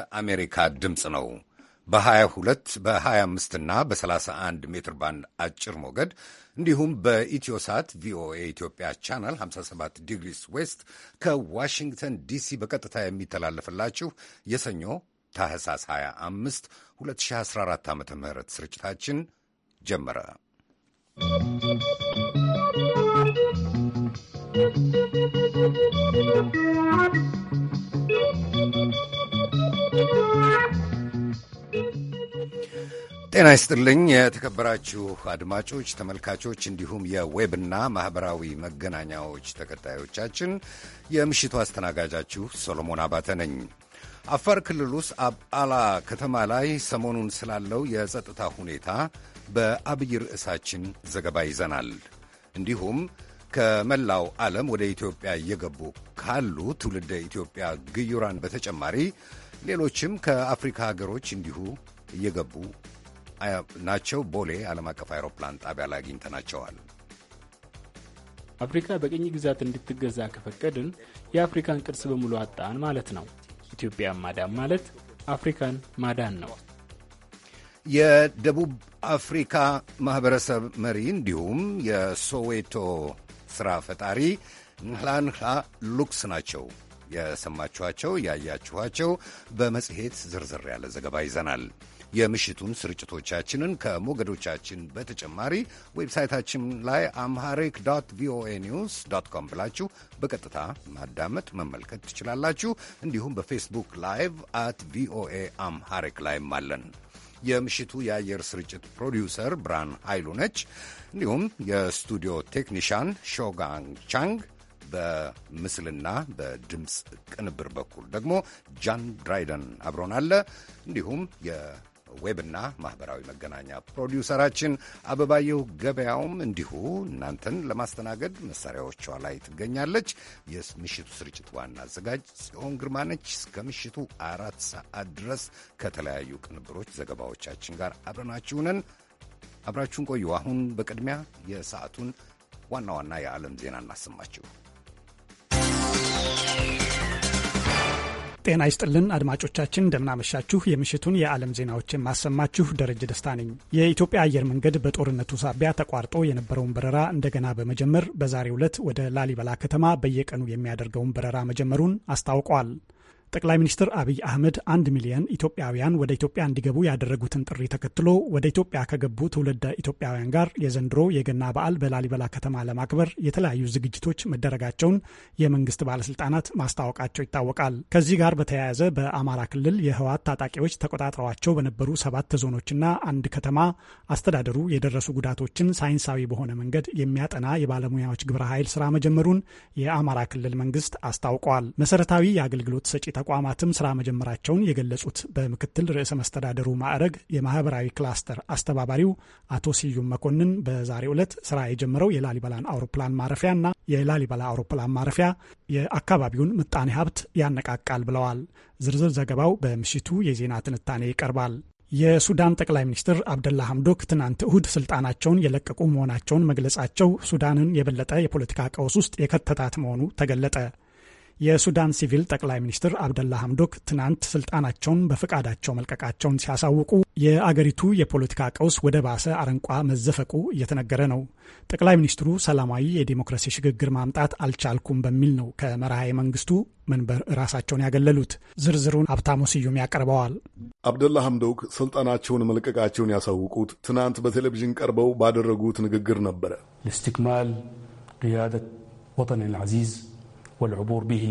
የአሜሪካ ድምፅ ነው። በ22 በ25 እና በ31 ሜትር ባንድ አጭር ሞገድ እንዲሁም በኢትዮሳት ቪኦኤ ኢትዮጵያ ቻናል 57 ዲግሪስ ዌስት ከዋሽንግተን ዲሲ በቀጥታ የሚተላለፍላችሁ የሰኞ ታህሳስ 25 2014 ዓ ም ስርጭታችን ጀመረ። ¶¶ ጤና ይስጥልኝ የተከበራችሁ አድማጮች፣ ተመልካቾች እንዲሁም የዌብና ማኅበራዊ መገናኛዎች ተከታዮቻችን የምሽቱ አስተናጋጃችሁ ሰሎሞን አባተ ነኝ። አፋር ክልል ውስጥ አብዓላ ከተማ ላይ ሰሞኑን ስላለው የጸጥታ ሁኔታ በአብይ ርዕሳችን ዘገባ ይዘናል። እንዲሁም ከመላው ዓለም ወደ ኢትዮጵያ እየገቡ ካሉ ትውልደ ኢትዮጵያ ግዩራን በተጨማሪ ሌሎችም ከአፍሪካ ሀገሮች እንዲሁ እየገቡ ናቸው። ቦሌ ዓለም አቀፍ አውሮፕላን ጣቢያ ላይ አግኝተናቸዋል። አፍሪካ በቅኝ ግዛት እንድትገዛ ከፈቀድን የአፍሪካን ቅርስ በሙሉ አጣን ማለት ነው። ኢትዮጵያን ማዳን ማለት አፍሪካን ማዳን ነው። የደቡብ አፍሪካ ማኅበረሰብ መሪ እንዲሁም የሶዌቶ ሥራ ፈጣሪ ንህላንህላ ሉክስ ናቸው። የሰማችኋቸው ያያችኋቸው በመጽሔት ዝርዝር ያለ ዘገባ ይዘናል። የምሽቱን ስርጭቶቻችንን ከሞገዶቻችን በተጨማሪ ዌብሳይታችን ላይ አምሃሪክ ዶት ቪኦኤ ኒውስ ዶት ኮም ብላችሁ በቀጥታ ማዳመጥ መመልከት ትችላላችሁ። እንዲሁም በፌስቡክ ላይቭ አት ቪኦኤ አምሃሪክ ላይም አለን። የምሽቱ የአየር ስርጭት ፕሮዲውሰር ብርሃን ኃይሉ ነች። እንዲሁም የስቱዲዮ ቴክኒሽያን ሾጋንግ ቻንግ በምስልና በድምፅ ቅንብር በኩል ደግሞ ጃን ድራይደን አብሮን አለ። እንዲሁም የዌብና ማኅበራዊ መገናኛ ፕሮዲውሰራችን አበባየሁ ገበያውም እንዲሁ እናንተን ለማስተናገድ መሳሪያዎቿ ላይ ትገኛለች። የምሽቱ ስርጭት ዋና አዘጋጅ ጽዮን ግርማነች። እስከ ምሽቱ አራት ሰዓት ድረስ ከተለያዩ ቅንብሮች ዘገባዎቻችን ጋር አብረናችሁንን አብራችሁን ቆዩ። አሁን በቅድሚያ የሰዓቱን ዋና ዋና የዓለም ዜና እናሰማችሁ። ጤና ይስጥልን አድማጮቻችን፣ እንደምናመሻችሁ። የምሽቱን የዓለም ዜናዎችን የማሰማችሁ ደረጀ ደስታ ነኝ። የኢትዮጵያ አየር መንገድ በጦርነቱ ሳቢያ ተቋርጦ የነበረውን በረራ እንደገና በመጀመር በዛሬው ዕለት ወደ ላሊበላ ከተማ በየቀኑ የሚያደርገውን በረራ መጀመሩን አስታውቋል። ጠቅላይ ሚኒስትር አብይ አህመድ አንድ ሚሊዮን ኢትዮጵያውያን ወደ ኢትዮጵያ እንዲገቡ ያደረጉትን ጥሪ ተከትሎ ወደ ኢትዮጵያ ከገቡ ትውልደ ኢትዮጵያውያን ጋር የዘንድሮ የገና በዓል በላሊበላ ከተማ ለማክበር የተለያዩ ዝግጅቶች መደረጋቸውን የመንግስት ባለስልጣናት ማስታወቃቸው ይታወቃል። ከዚህ ጋር በተያያዘ በአማራ ክልል የህወሓት ታጣቂዎች ተቆጣጥረዋቸው በነበሩ ሰባት ዞኖችና አንድ ከተማ አስተዳደሩ የደረሱ ጉዳቶችን ሳይንሳዊ በሆነ መንገድ የሚያጠና የባለሙያዎች ግብረ ኃይል ስራ መጀመሩን የአማራ ክልል መንግስት አስታውቋል። መሰረታዊ የአገልግሎት ሰጪ ተቋማትም ስራ መጀመራቸውን የገለጹት በምክትል ርዕሰ መስተዳደሩ ማዕረግ የማህበራዊ ክላስተር አስተባባሪው አቶ ስዩም መኮንን በዛሬው ዕለት ስራ የጀመረው የላሊበላን አውሮፕላን ማረፊያና የላሊበላ አውሮፕላን ማረፊያ የአካባቢውን ምጣኔ ሀብት ያነቃቃል ብለዋል። ዝርዝር ዘገባው በምሽቱ የዜና ትንታኔ ይቀርባል። የሱዳን ጠቅላይ ሚኒስትር አብደላ ሐምዶክ ትናንት እሁድ ስልጣናቸውን የለቀቁ መሆናቸውን መግለጻቸው ሱዳንን የበለጠ የፖለቲካ ቀውስ ውስጥ የከተታት መሆኑ ተገለጠ። የሱዳን ሲቪል ጠቅላይ ሚኒስትር አብደላ ሐምዶክ ትናንት ስልጣናቸውን በፈቃዳቸው መልቀቃቸውን ሲያሳውቁ የአገሪቱ የፖለቲካ ቀውስ ወደ ባሰ አረንቋ መዘፈቁ እየተነገረ ነው። ጠቅላይ ሚኒስትሩ ሰላማዊ የዲሞክራሲ ሽግግር ማምጣት አልቻልኩም በሚል ነው ከመርሃይ መንግስቱ መንበር ራሳቸውን ያገለሉት። ዝርዝሩን ሀብታሙ ስዩም ያቀርበዋል። አብደላ ሐምዶክ ስልጣናቸውን መልቀቃቸውን ያሳውቁት ትናንት በቴሌቪዥን ቀርበው ባደረጉት ንግግር ነበረ። ሊስትክማል ያደ ወጠን ልዓዚዝ والعبور به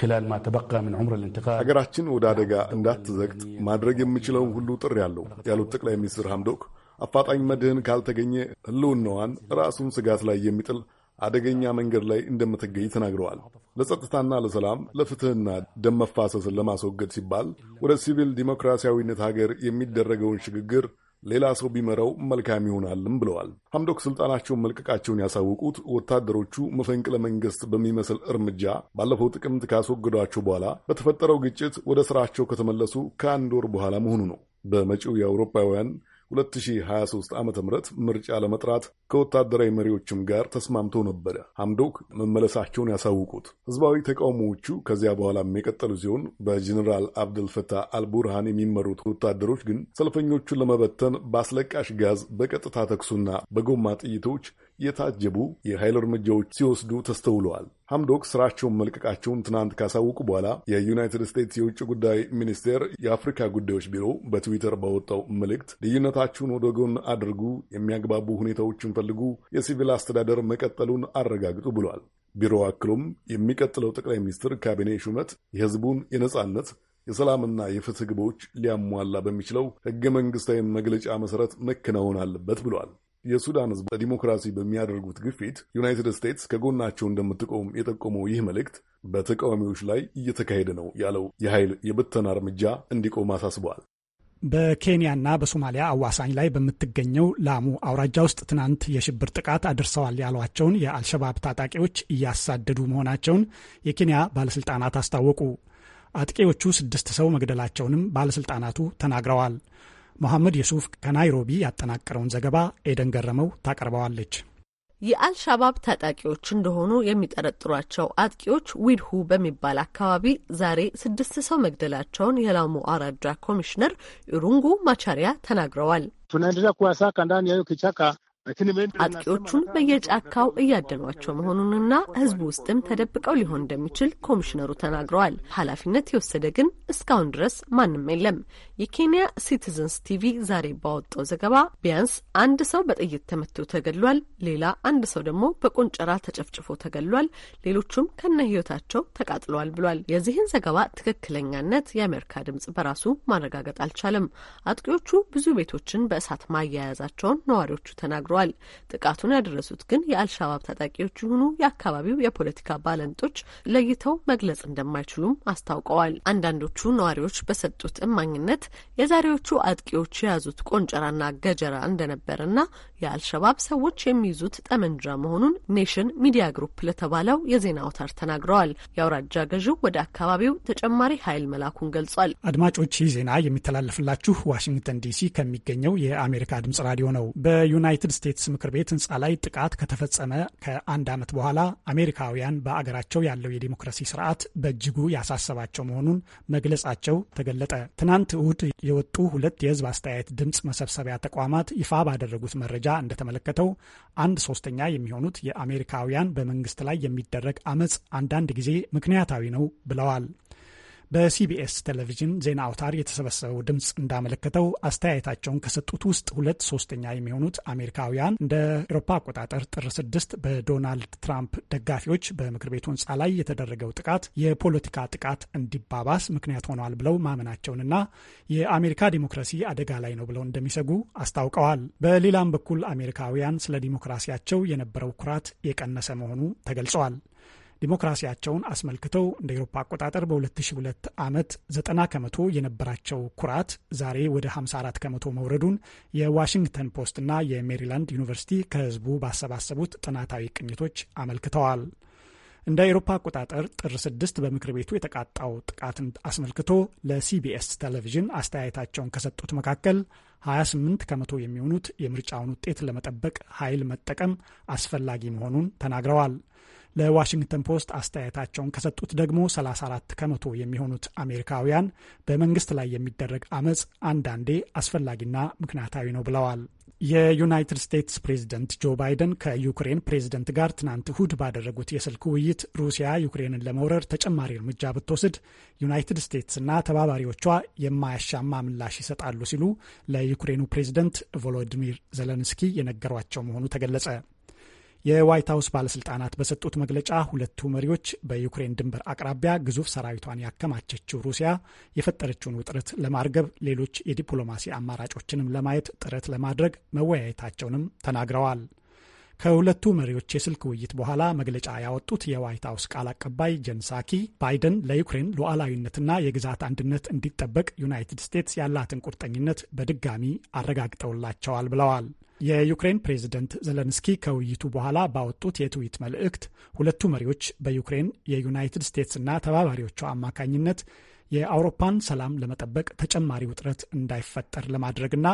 خلال ما تبقى من عمر الانتقال ሀገራችን ወደ አደጋ እንዳትዘግጥ ማድረግ የምችለውን ሁሉ ጥሪ አለው። ያሉት ጠቅላይ ሚኒስትር ሐምዶክ አፋጣኝ መድህን ካልተገኘ ህልውናዋን ራሱን ስጋት ላይ የሚጥል አደገኛ መንገድ ላይ እንደምትገኝ ተናግረዋል። ለጸጥታና ለሰላም ለፍትህና ደም መፋሰስን ለማስወገድ ሲባል ወደ ሲቪል ዲሞክራሲያዊነት ሀገር የሚደረገውን ሽግግር ሌላ ሰው ቢመራው መልካም ይሆናልም ብለዋል። ሐምዶክ ስልጣናቸውን መልቀቃቸውን ያሳወቁት ወታደሮቹ መፈንቅለ መንግስት በሚመስል እርምጃ ባለፈው ጥቅምት ካስወገዷቸው በኋላ በተፈጠረው ግጭት ወደ ስራቸው ከተመለሱ ከአንድ ወር በኋላ መሆኑ ነው። በመጪው የአውሮፓውያን 2023 ዓ ም ምርጫ ለመጥራት ከወታደራዊ መሪዎችም ጋር ተስማምቶ ነበረ። ሐምዶክ መመለሳቸውን ያሳውቁት ህዝባዊ ተቃውሞዎቹ ከዚያ በኋላም የቀጠሉ ሲሆን በጀኔራል አብደልፈታህ አልቡርሃን የሚመሩት ወታደሮች ግን ሰልፈኞቹን ለመበተን በአስለቃሽ ጋዝ፣ በቀጥታ ተኩሱና በጎማ ጥይቶች የታጀቡ የኃይል እርምጃዎች ሲወስዱ ተስተውለዋል። ሐምዶክ ስራቸውን መልቀቃቸውን ትናንት ካሳወቁ በኋላ የዩናይትድ ስቴትስ የውጭ ጉዳይ ሚኒስቴር የአፍሪካ ጉዳዮች ቢሮ በትዊተር ባወጣው መልእክት ልዩነታችሁን ወደ ጎን አድርጉ፣ የሚያግባቡ ሁኔታዎችን ፈልጉ፣ የሲቪል አስተዳደር መቀጠሉን አረጋግጡ ብሏል። ቢሮ አክሎም የሚቀጥለው ጠቅላይ ሚኒስትር ካቢኔ ሹመት የህዝቡን የነጻነት የሰላምና የፍትህ ግቦች ሊያሟላ በሚችለው ህገ መንግስታዊ መግለጫ መሰረት መከናወን አለበት ብሏል። የሱዳን ህዝብ ለዲሞክራሲ በሚያደርጉት ግፊት ዩናይትድ ስቴትስ ከጎናቸው እንደምትቆም የጠቆመው ይህ መልእክት በተቃዋሚዎች ላይ እየተካሄደ ነው ያለው የኃይል የብተና እርምጃ እንዲቆም አሳስበዋል። በኬንያና በሶማሊያ አዋሳኝ ላይ በምትገኘው ላሙ አውራጃ ውስጥ ትናንት የሽብር ጥቃት አድርሰዋል ያሏቸውን የአልሸባብ ታጣቂዎች እያሳደዱ መሆናቸውን የኬንያ ባለስልጣናት አስታወቁ። አጥቂዎቹ ስድስት ሰው መግደላቸውንም ባለስልጣናቱ ተናግረዋል። መሐመድ የሱፍ ከናይሮቢ ያጠናቀረውን ዘገባ ኤደን ገረመው ታቀርበዋለች። የአልሻባብ ታጣቂዎች እንደሆኑ የሚጠረጥሯቸው አጥቂዎች ዊድሁ በሚባል አካባቢ ዛሬ ስድስት ሰው መግደላቸውን የላሙ አራጃ ኮሚሽነር ኢሩንጉ ማቻሪያ ተናግረዋል። አጥቂዎቹን በየጫካው እያደኗቸው መሆኑንና ሕዝቡ ውስጥም ተደብቀው ሊሆን እንደሚችል ኮሚሽነሩ ተናግረዋል። ኃላፊነት የወሰደ ግን እስካሁን ድረስ ማንም የለም። የኬንያ ሲቲዝንስ ቲቪ ዛሬ ባወጣው ዘገባ ቢያንስ አንድ ሰው በጥይት ተመቶ ተገድሏል፣ ሌላ አንድ ሰው ደግሞ በቁንጨራ ተጨፍጭፎ ተገድሏል፣ ሌሎቹም ከነ ህይወታቸው ተቃጥለዋል ብሏል። የዚህን ዘገባ ትክክለኛነት የአሜሪካ ድምጽ በራሱ ማረጋገጥ አልቻለም። አጥቂዎቹ ብዙ ቤቶችን በእሳት ማያያዛቸውን ነዋሪዎቹ ተናግረዋል። ጥቃቱን ያደረሱት ግን የአልሻባብ ታጣቂዎች የሆኑ የአካባቢው የፖለቲካ ባለንጦች ለይተው መግለጽ እንደማይችሉም አስታውቀዋል። አንዳንዶቹ ነዋሪዎች በሰጡት እማኝነት ምክንያት የዛሬዎቹ አጥቂዎች የያዙት ቆንጨራና ገጀራ እንደነበረና የአልሸባብ ሰዎች የሚይዙት ጠመንጃ መሆኑን ኔሽን ሚዲያ ግሩፕ ለተባለው የዜና አውታር ተናግረዋል። የአውራጃ ገዢው ወደ አካባቢው ተጨማሪ ኃይል መላኩን ገልጿል። አድማጮች ይህ ዜና የሚተላለፍላችሁ ዋሽንግተን ዲሲ ከሚገኘው የአሜሪካ ድምጽ ራዲዮ ነው። በዩናይትድ ስቴትስ ምክር ቤት ህንጻ ላይ ጥቃት ከተፈጸመ ከአንድ ዓመት በኋላ አሜሪካውያን በአገራቸው ያለው የዲሞክራሲ ስርዓት በእጅጉ ያሳሰባቸው መሆኑን መግለጻቸው ተገለጠ። ትናንት እሁድ ከሚገኙት የወጡ ሁለት የህዝብ አስተያየት ድምፅ መሰብሰቢያ ተቋማት ይፋ ባደረጉት መረጃ እንደተመለከተው አንድ ሶስተኛ የሚሆኑት የአሜሪካውያን በመንግስት ላይ የሚደረግ አመፅ አንዳንድ ጊዜ ምክንያታዊ ነው ብለዋል። በሲቢኤስ ቴሌቪዥን ዜና አውታር የተሰበሰበው ድምፅ እንዳመለከተው አስተያየታቸውን ከሰጡት ውስጥ ሁለት ሶስተኛ የሚሆኑት አሜሪካውያን እንደ ኤሮፓ አቆጣጠር ጥር ስድስት በዶናልድ ትራምፕ ደጋፊዎች በምክር ቤቱ ህንፃ ላይ የተደረገው ጥቃት የፖለቲካ ጥቃት እንዲባባስ ምክንያት ሆኗል ብለው ማመናቸውንና የአሜሪካ ዲሞክራሲ አደጋ ላይ ነው ብለው እንደሚሰጉ አስታውቀዋል። በሌላም በኩል አሜሪካውያን ስለ ዲሞክራሲያቸው የነበረው ኩራት የቀነሰ መሆኑ ተገልጸዋል። ዲሞክራሲያቸውን አስመልክተው እንደ ኤሮፓ አቆጣጠር በ2002 ዓመት 90 ከመቶ የነበራቸው ኩራት ዛሬ ወደ 54 ከመቶ መውረዱን የዋሽንግተን እና የሜሪላንድ ዩኒቨርሲቲ ከህዝቡ ባሰባሰቡት ጥናታዊ ቅኝቶች አመልክተዋል። እንደ አውሮፓ አቆጣጠር ጥር ስድስት በምክር ቤቱ የተቃጣው ጥቃትን አስመልክቶ ለሲቢኤስ ቴሌቪዥን አስተያየታቸውን ከሰጡት መካከል 28 ከመቶ የሚሆኑት የምርጫውን ውጤት ለመጠበቅ ኃይል መጠቀም አስፈላጊ መሆኑን ተናግረዋል። ለዋሽንግተን ፖስት አስተያየታቸውን ከሰጡት ደግሞ 34 ከመቶ የሚሆኑት አሜሪካውያን በመንግስት ላይ የሚደረግ አመፅ አንዳንዴ አስፈላጊና ምክንያታዊ ነው ብለዋል። የዩናይትድ ስቴትስ ፕሬዝደንት ጆ ባይደን ከዩክሬን ፕሬዝደንት ጋር ትናንት እሁድ ባደረጉት የስልክ ውይይት ሩሲያ ዩክሬንን ለመውረር ተጨማሪ እርምጃ ብትወስድ ዩናይትድ ስቴትስና ተባባሪዎቿ የማያሻማ ምላሽ ይሰጣሉ ሲሉ ለዩክሬኑ ፕሬዝደንት ቮሎዲሚር ዘለንስኪ የነገሯቸው መሆኑ ተገለጸ። የዋይት ሀውስ ባለስልጣናት በሰጡት መግለጫ ሁለቱ መሪዎች በዩክሬን ድንበር አቅራቢያ ግዙፍ ሰራዊቷን ያከማቸችው ሩሲያ የፈጠረችውን ውጥረት ለማርገብ ሌሎች የዲፕሎማሲ አማራጮችንም ለማየት ጥረት ለማድረግ መወያየታቸውንም ተናግረዋል። ከሁለቱ መሪዎች የስልክ ውይይት በኋላ መግለጫ ያወጡት የዋይት ሀውስ ቃል አቀባይ ጀንሳኪ ባይደን ለዩክሬን ሉዓላዊነትና የግዛት አንድነት እንዲጠበቅ ዩናይትድ ስቴትስ ያላትን ቁርጠኝነት በድጋሚ አረጋግጠውላቸዋል ብለዋል። የዩክሬን ፕሬዝደንት ዘለንስኪ ከውይይቱ በኋላ ባወጡት የትዊት መልእክት ሁለቱ መሪዎች በዩክሬን የዩናይትድ ስቴትስና ተባባሪዎቿ አማካኝነት የአውሮፓን ሰላም ለመጠበቅ ተጨማሪ ውጥረት እንዳይፈጠር ለማድረግና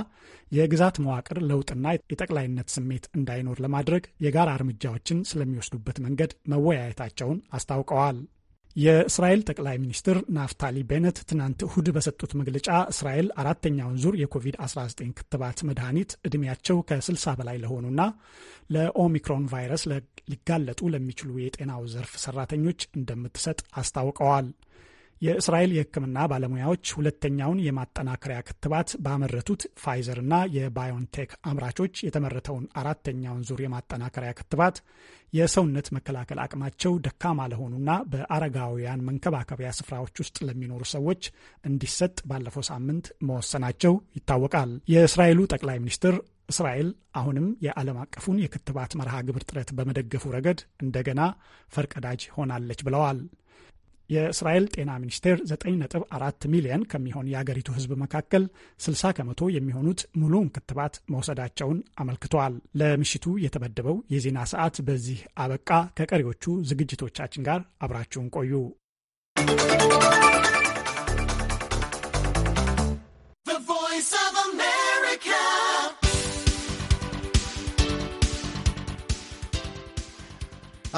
የግዛት መዋቅር ለውጥና የጠቅላይነት ስሜት እንዳይኖር ለማድረግ የጋራ እርምጃዎችን ስለሚወስዱበት መንገድ መወያየታቸውን አስታውቀዋል። የእስራኤል ጠቅላይ ሚኒስትር ናፍታሊ ቤነት ትናንት እሁድ በሰጡት መግለጫ እስራኤል አራተኛውን ዙር የኮቪድ-19 ክትባት መድኃኒት ዕድሜያቸው ከ60 በላይ ለሆኑና ለኦሚክሮን ቫይረስ ሊጋለጡ ለሚችሉ የጤናው ዘርፍ ሰራተኞች እንደምትሰጥ አስታውቀዋል። የእስራኤል የሕክምና ባለሙያዎች ሁለተኛውን የማጠናከሪያ ክትባት ባመረቱት ፋይዘርና የባዮንቴክ አምራቾች የተመረተውን አራተኛውን ዙር የማጠናከሪያ ክትባት የሰውነት መከላከል አቅማቸው ደካማ ለሆኑና በአረጋውያን መንከባከቢያ ስፍራዎች ውስጥ ለሚኖሩ ሰዎች እንዲሰጥ ባለፈው ሳምንት መወሰናቸው ይታወቃል። የእስራኤሉ ጠቅላይ ሚኒስትር እስራኤል አሁንም የዓለም አቀፉን የክትባት መርሃ ግብር ጥረት በመደገፉ ረገድ እንደገና ፈርቀዳጅ ሆናለች ብለዋል። የእስራኤል ጤና ሚኒስቴር 9.4 ሚሊዮን ከሚሆን የአገሪቱ ሕዝብ መካከል 60 ከመቶ የሚሆኑት ሙሉውን ክትባት መውሰዳቸውን አመልክተዋል። ለምሽቱ የተመደበው የዜና ሰዓት በዚህ አበቃ። ከቀሪዎቹ ዝግጅቶቻችን ጋር አብራችሁን ቆዩ።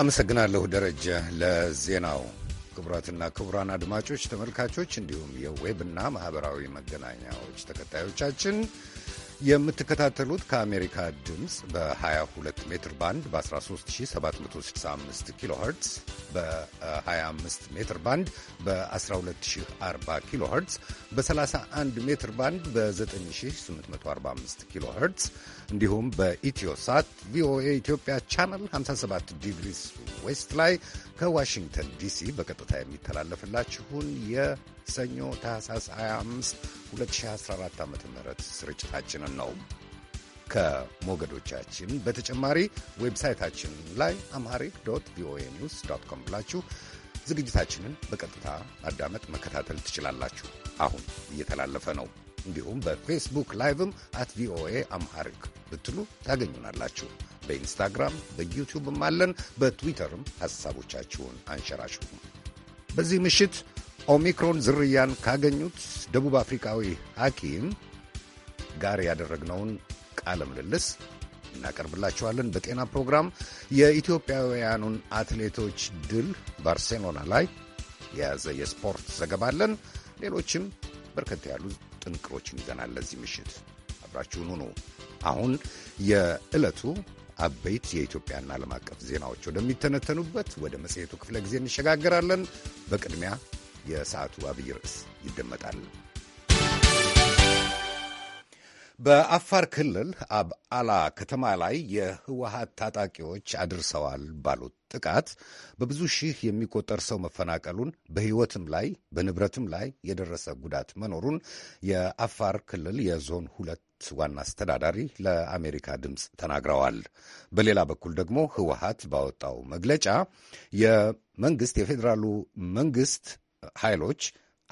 አመሰግናለሁ ደረጀ ለዜናው። ክቡራትና ክቡራን አድማጮች፣ ተመልካቾች እንዲሁም የዌብና ማኅበራዊ መገናኛዎች ተከታዮቻችን የምትከታተሉት ከአሜሪካ ድምፅ በ22 ሜትር ባንድ በ13765 ኪሎ ኸርትዝ በ25 ሜትር ባንድ በ1240 ኪሎ ኸርትዝ በ31 ሜትር ባንድ በ9845 ኪሎ ኸርትዝ እንዲሁም ሳት ቪኦኤ ኢትዮጵያ ቻናል 57 ዲግሪስ ዌስት ላይ ከዋሽንግተን ዲሲ በቀጥታ የሚተላለፍላችሁን የሰኞ ታህሳስ 25 2014 ዓ ም ስርጭታችንን ነው። ከሞገዶቻችን በተጨማሪ ዌብሳይታችን ላይ አምሃሪክ ዶት ቪኦኤ ኒውስ ዶት ኮም ብላችሁ ዝግጅታችንን በቀጥታ ማዳመጥ፣ መከታተል ትችላላችሁ። አሁን እየተላለፈ ነው። እንዲሁም በፌስቡክ ላይቭም አት ቪኦኤ አምሃሪክ ብትሉ ታገኙናላችሁ። በኢንስታግራም በዩቲዩብም አለን። በትዊተርም ሐሳቦቻችሁን አንሸራሽሩ። በዚህ ምሽት ኦሚክሮን ዝርያን ካገኙት ደቡብ አፍሪካዊ ሐኪም ጋር ያደረግነውን ቃለ ምልልስ እናቀርብላችኋለን። በጤና ፕሮግራም የኢትዮጵያውያኑን አትሌቶች ድል ባርሴሎና ላይ የያዘ የስፖርት ዘገባ ሌሎችም በርከት ያሉ ጥንቅሮችን ይዘናል። ለዚህ ምሽት አብራችሁን ሁኑ። አሁን የዕለቱ አበይት የኢትዮጵያና ዓለም አቀፍ ዜናዎች ወደሚተነተኑበት ወደ መጽሔቱ ክፍለ ጊዜ እንሸጋገራለን። በቅድሚያ የሰዓቱ አብይ ርዕስ ይደመጣል። በአፋር ክልል አብዓላ ከተማ ላይ የህወሀት ታጣቂዎች አድርሰዋል ባሉት ጥቃት በብዙ ሺህ የሚቆጠር ሰው መፈናቀሉን በሕይወትም ላይ በንብረትም ላይ የደረሰ ጉዳት መኖሩን የአፋር ክልል የዞን ሁለት ዋና አስተዳዳሪ ለአሜሪካ ድምፅ ተናግረዋል። በሌላ በኩል ደግሞ ህወሀት ባወጣው መግለጫ የመንግስት የፌዴራሉ መንግስት ኃይሎች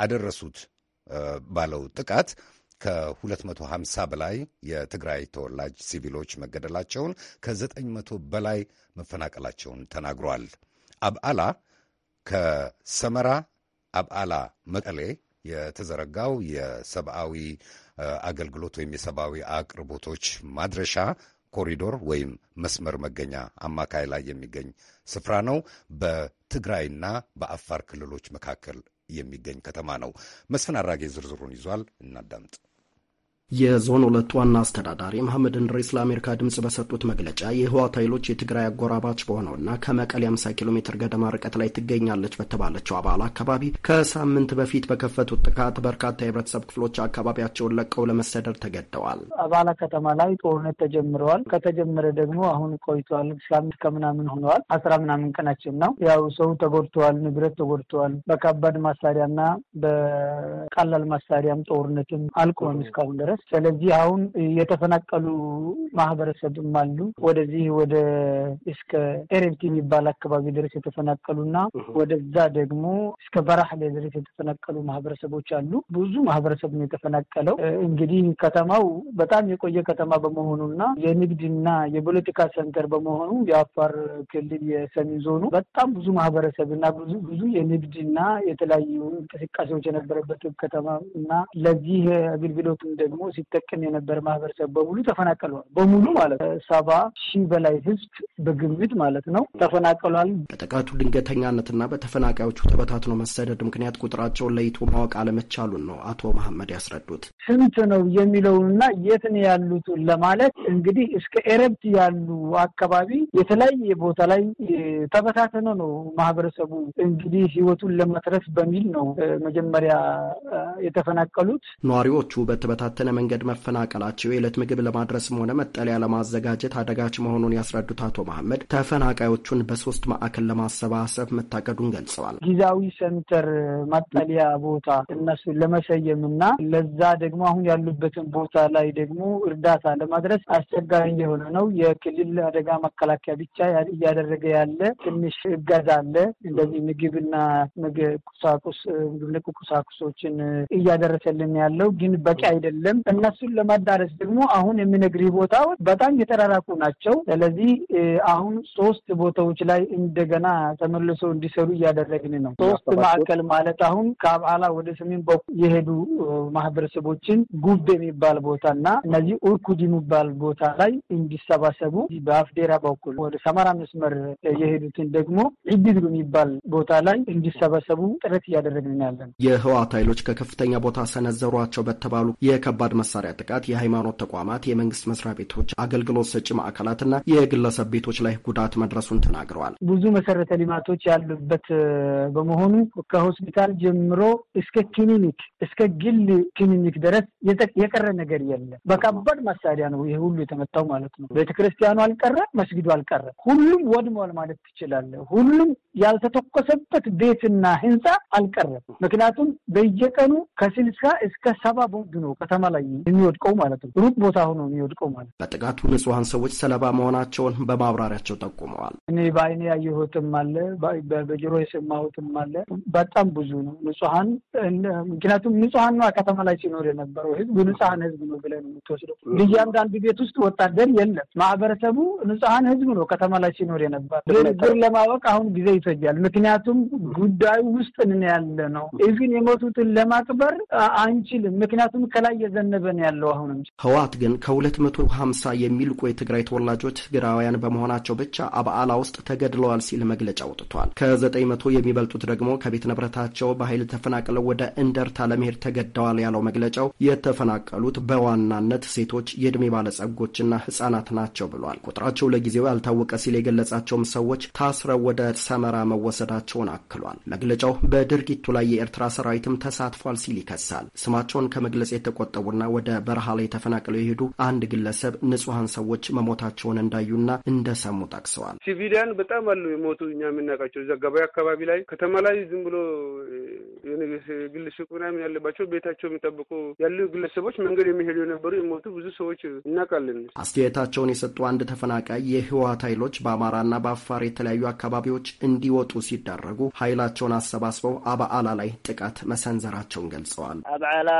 አደረሱት ባለው ጥቃት ከ250 በላይ የትግራይ ተወላጅ ሲቪሎች መገደላቸውን ከ900 በላይ መፈናቀላቸውን ተናግሯል። አብዓላ ከሰመራ አብዓላ መቀሌ የተዘረጋው የሰብአዊ አገልግሎት ወይም የሰብአዊ አቅርቦቶች ማድረሻ ኮሪዶር ወይም መስመር መገኛ አማካይ ላይ የሚገኝ ስፍራ ነው። በትግራይና በአፋር ክልሎች መካከል የሚገኝ ከተማ ነው። መስፍን አራጌ ዝርዝሩን ይዟል። እናዳምጥ። የዞን ሁለት ዋና አስተዳዳሪ መሐመድ እንድሬስ ለአሜሪካ ድምፅ በሰጡት መግለጫ የህወሓት ኃይሎች የትግራይ አጎራባች በሆነውና ከመቀሌ 50 ኪሎ ሜትር ገደማ ርቀት ላይ ትገኛለች በተባለችው አባል አካባቢ ከሳምንት በፊት በከፈቱት ጥቃት በርካታ የህብረተሰብ ክፍሎች አካባቢያቸውን ለቀው ለመሰደድ ተገደዋል። አባላ ከተማ ላይ ጦርነት ተጀምረዋል። ከተጀመረ ደግሞ አሁን ቆይተዋል። ሳምንት ከምናምን ሆነዋል። አስራ ምናምን ቀናችን ነው። ያው ሰው ተጎድተዋል፣ ንብረት ተጎድተዋል። በከባድ መሳሪያና በቀላል መሳሪያም ጦርነትም አልቆም እስካሁን ድረስ ስለዚህ አሁን የተፈናቀሉ ማህበረሰብም አሉ። ወደዚህ ወደ እስከ ኤሬብቲ የሚባል አካባቢ ድረስ የተፈናቀሉና ወደዛ ደግሞ እስከ በራህሌ ድረስ የተፈናቀሉ ማህበረሰቦች አሉ። ብዙ ማህበረሰብ ነው የተፈናቀለው። እንግዲህ ከተማው በጣም የቆየ ከተማ በመሆኑና የንግድና የፖለቲካ ሰንተር በመሆኑ የአፋር ክልል የሰሜን ዞኑ በጣም ብዙ ማህበረሰብና ብዙ ብዙ የንግድና የተለያዩ እንቅስቃሴዎች የነበረበት ከተማ እና ለዚህ አገልግሎትም ደግሞ ሲጠቀም የነበረ ማህበረሰብ በሙሉ ተፈናቅሏል። በሙሉ ማለት ሰባ ሺህ በላይ ህዝብ በግምት ማለት ነው ተፈናቅሏል። በጥቃቱ ድንገተኛነትና በተፈናቃዮቹ ተበታትኖ መሰደድ ምክንያት ቁጥራቸውን ለይቶ ማወቅ አለመቻሉን ነው አቶ መሐመድ ያስረዱት። ስንት ነው የሚለውንና የት ነው ያሉት ለማለት እንግዲህ እስከ ኤረብት ያሉ አካባቢ የተለያየ ቦታ ላይ ተበታተነ ነው ማህበረሰቡ እንግዲህ ህይወቱን ለመትረፍ በሚል ነው መጀመሪያ የተፈናቀሉት። ነዋሪዎቹ በተበታተነ መንገድ መፈናቀላቸው የዕለት ምግብ ለማድረስም ሆነ መጠለያ ለማዘጋጀት አደጋች መሆኑን ያስረዱት አቶ መሐመድ ተፈናቃዮቹን በሶስት ማዕከል ለማሰባሰብ መታቀዱን ገልጸዋል። ጊዜያዊ ሴንተር መጠለያ ቦታ እነሱን ለመሰየም እና ለዛ ደግሞ አሁን ያሉበትን ቦታ ላይ ደግሞ እርዳታ ለማድረስ አስቸጋሪ የሆነ ነው። የክልል አደጋ መከላከያ ብቻ እያደረገ ያለ ትንሽ እገዛ አለ። እንደዚህ ምግብና ቁሳቁስ ምግብ ቁሳቁሶችን እያደረሰልን ያለው ግን በቂ አይደለም። እነሱን ለማዳረስ ደግሞ አሁን የምነግርህ ቦታዎች በጣም የተራራቁ ናቸው። ስለዚህ አሁን ሶስት ቦታዎች ላይ እንደገና ተመልሶ እንዲሰሩ እያደረግን ነው። ሶስት ማዕከል ማለት አሁን ከአብዓላ ወደ ሰሜን በኩል የሄዱ ማህበረሰቦችን ጉብ የሚባል ቦታ እና እነዚህ ኡርኩድ የሚባል ቦታ ላይ እንዲሰባሰቡ በአፍዴራ በኩል ወደ ሰማራ መስመር የሄዱትን ደግሞ ዒቢድሉ የሚባል ቦታ ላይ እንዲሰባሰቡ ጥረት እያደረግን ያለን የህወሓት ኃይሎች ከከፍተኛ ቦታ ሰነዘሯቸው በተባሉ የከባድ የከባድ መሳሪያ ጥቃት የሃይማኖት ተቋማት፣ የመንግስት መስሪያ ቤቶች፣ አገልግሎት ሰጪ ማዕከላትና የግለሰብ ቤቶች ላይ ጉዳት መድረሱን ተናግረዋል። ብዙ መሰረተ ልማቶች ያሉበት በመሆኑ ከሆስፒታል ጀምሮ እስከ ክሊኒክ እስከ ግል ክሊኒክ ድረስ የቀረ ነገር የለም። በከባድ መሳሪያ ነው ይህ ሁሉ የተመታው ማለት ነው። ቤተክርስቲያኑ አልቀረ፣ መስጊዱ አልቀረ፣ ሁሉም ወድሟል ማለት ትችላለ። ሁሉም ያልተተኮሰበት ቤትና ህንፃ አልቀረም። ምክንያቱም በየቀኑ ከስልሳ እስከ ሰባ ቦምብ ነው ከተማ ላይ የሚወድቀው ማለት ነው። ሩቅ ቦታ ሆኖ የሚወድቀው ማለት ነው። በጥቃቱ ንጹሐን ሰዎች ሰለባ መሆናቸውን በማብራሪያቸው ጠቁመዋል። እኔ በአይኔ ያየሁትም አለ፣ በጆሮ የሰማሁትም አለ። በጣም ብዙ ነው ንጹሐን። ምክንያቱም ንጹሐን ነው ከተማ ላይ ሲኖር የነበረው ህዝብ ንጹሐን ህዝብ ነው ብለን የምትወስደው እያንዳንዱ ቤት ውስጥ ወታደር የለም። ማህበረሰቡ ንጹሐን ህዝብ ነው ከተማ ላይ ሲኖር የነበረ ዝርዝር ለማወቅ አሁን ጊዜ ይፈጃል። ምክንያቱም ጉዳዩ ውስጥ ያለ ነው። ኢቪን የሞቱትን ለማቅበር አንችልም። ምክንያቱም ከላይ የዘን እያዘነበን ያለው አሁንም። ህወሓት ግን ከሁለት መቶ ሀምሳ የሚልቁ የትግራይ ተወላጆች ትግራውያን በመሆናቸው ብቻ አበዓላ ውስጥ ተገድለዋል ሲል መግለጫ አውጥቷል። ከዘጠኝ መቶ የሚበልጡት ደግሞ ከቤት ንብረታቸው በኃይል ተፈናቅለው ወደ እንደርታ ለመሄድ ተገደዋል ያለው መግለጫው የተፈናቀሉት በዋናነት ሴቶች፣ የእድሜ ባለጸጎችና ህጻናት ናቸው ብሏል። ቁጥራቸው ለጊዜው ያልታወቀ ሲል የገለጻቸውም ሰዎች ታስረው ወደ ሰመራ መወሰዳቸውን አክሏል። መግለጫው በድርጊቱ ላይ የኤርትራ ሰራዊትም ተሳትፏል ሲል ይከሳል። ስማቸውን ከመግለጽ የተቆጠቡና ተፈናቅለውና ወደ በረሃ ላይ ተፈናቅለው የሄዱ አንድ ግለሰብ ንጹሐን ሰዎች መሞታቸውን እንዳዩና እንደሰሙ ጠቅሰዋል። ሲቪሊያን በጣም አሉ የሞቱ እኛ የምናውቃቸው እዛ ገበያ አካባቢ ላይ ከተማ ላይ ዝም ብሎ ግል ሱቅ ምናምን ያለባቸው ቤታቸው የሚጠብቁ ያሉ ግለሰቦች መንገድ የሚሄዱ የነበሩ የሞቱ ብዙ ሰዎች እናውቃለን። አስተያየታቸውን የሰጡ አንድ ተፈናቃይ የህወሀት ኃይሎች በአማራና በአፋር የተለያዩ አካባቢዎች እንዲወጡ ሲዳረጉ ኃይላቸውን አሰባስበው አበዓላ ላይ ጥቃት መሰንዘራቸውን ገልጸዋል። አበዓላ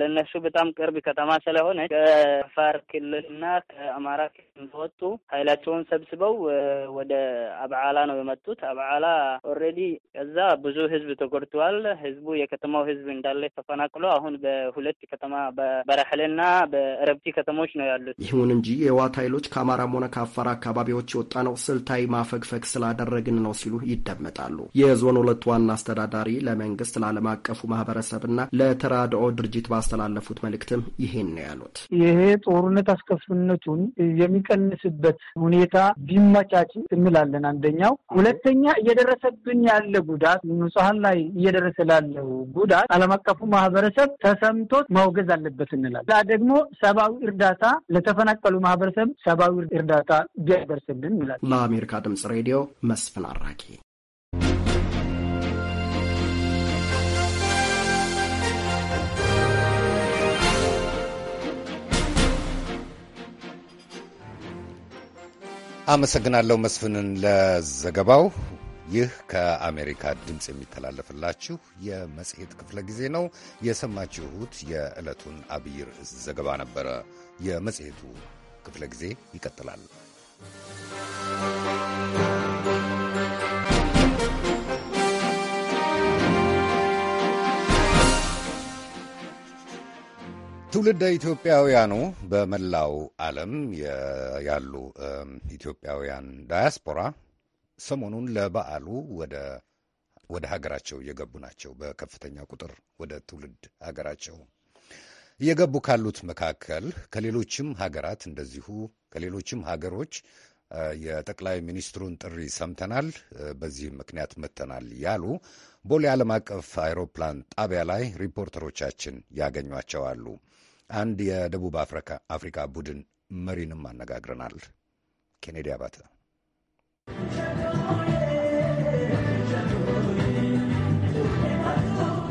ለነሱ በጣም በጣም ቅርብ ከተማ ስለሆነ ከአፋር ክልልና ከአማራ ክልል ወጡ ኃይላቸውን ሰብስበው ወደ አብዓላ ነው የመጡት። አብዓላ ኦልሬዲ እዛ ብዙ ህዝብ ተጎድተዋል። ህዝቡ የከተማው ህዝብ እንዳለ ተፈናቅሎ አሁን በሁለት ከተማ በበረሐልና በረብቲ ከተሞች ነው ያሉት። ይሁን እንጂ የህወሓት ኃይሎች ከአማራም ሆነ ከአፋር አካባቢዎች የወጣ ነው ስልታዊ ማፈግፈግ ስላደረግን ነው ሲሉ ይደመጣሉ። የዞን ሁለት ዋና አስተዳዳሪ ለመንግስት ለዓለም አቀፉ ማህበረሰብና ለተራድኦ ድርጅት ባስተላለፉት መልእክት መልእክትም ይሄን ነው ያሉት። ይሄ ጦርነት አስከፊነቱን የሚቀንስበት ሁኔታ ቢመቻች እንላለን። አንደኛው ሁለተኛ፣ እየደረሰብን ያለ ጉዳት ንጹሐን ላይ እየደረሰ ላለው ጉዳት ዓለም አቀፉ ማህበረሰብ ተሰምቶት ማውገዝ አለበት እንላለን። ላ ደግሞ ሰብአዊ እርዳታ ለተፈናቀሉ ማህበረሰብ ሰብአዊ እርዳታ ቢያደርስልን እንላለን። ለአሜሪካ ድምጽ ሬዲዮ መስፍን አራኪ አመሰግናለሁ መስፍንን ለዘገባው። ይህ ከአሜሪካ ድምፅ የሚተላለፍላችሁ የመጽሔት ክፍለ ጊዜ ነው። የሰማችሁት የዕለቱን አብይ ርዕስ ዘገባ ነበረ። የመጽሔቱ ክፍለ ጊዜ ይቀጥላል። ትውልደ ኢትዮጵያውያኑ በመላው ዓለም ያሉ ኢትዮጵያውያን ዳያስፖራ ሰሞኑን ለበዓሉ ወደ ሀገራቸው እየገቡ ናቸው። በከፍተኛ ቁጥር ወደ ትውልድ ሀገራቸው እየገቡ ካሉት መካከል ከሌሎችም ሀገራት እንደዚሁ ከሌሎችም ሀገሮች የጠቅላይ ሚኒስትሩን ጥሪ ሰምተናል፣ በዚህም ምክንያት መጥተናል ያሉ ቦሌ ዓለም አቀፍ አይሮፕላን ጣቢያ ላይ ሪፖርተሮቻችን ያገኟቸዋሉ። አንድ የደቡብ አፍሪካ ቡድን መሪንም አነጋግረናል። ኬኔዲ አባተ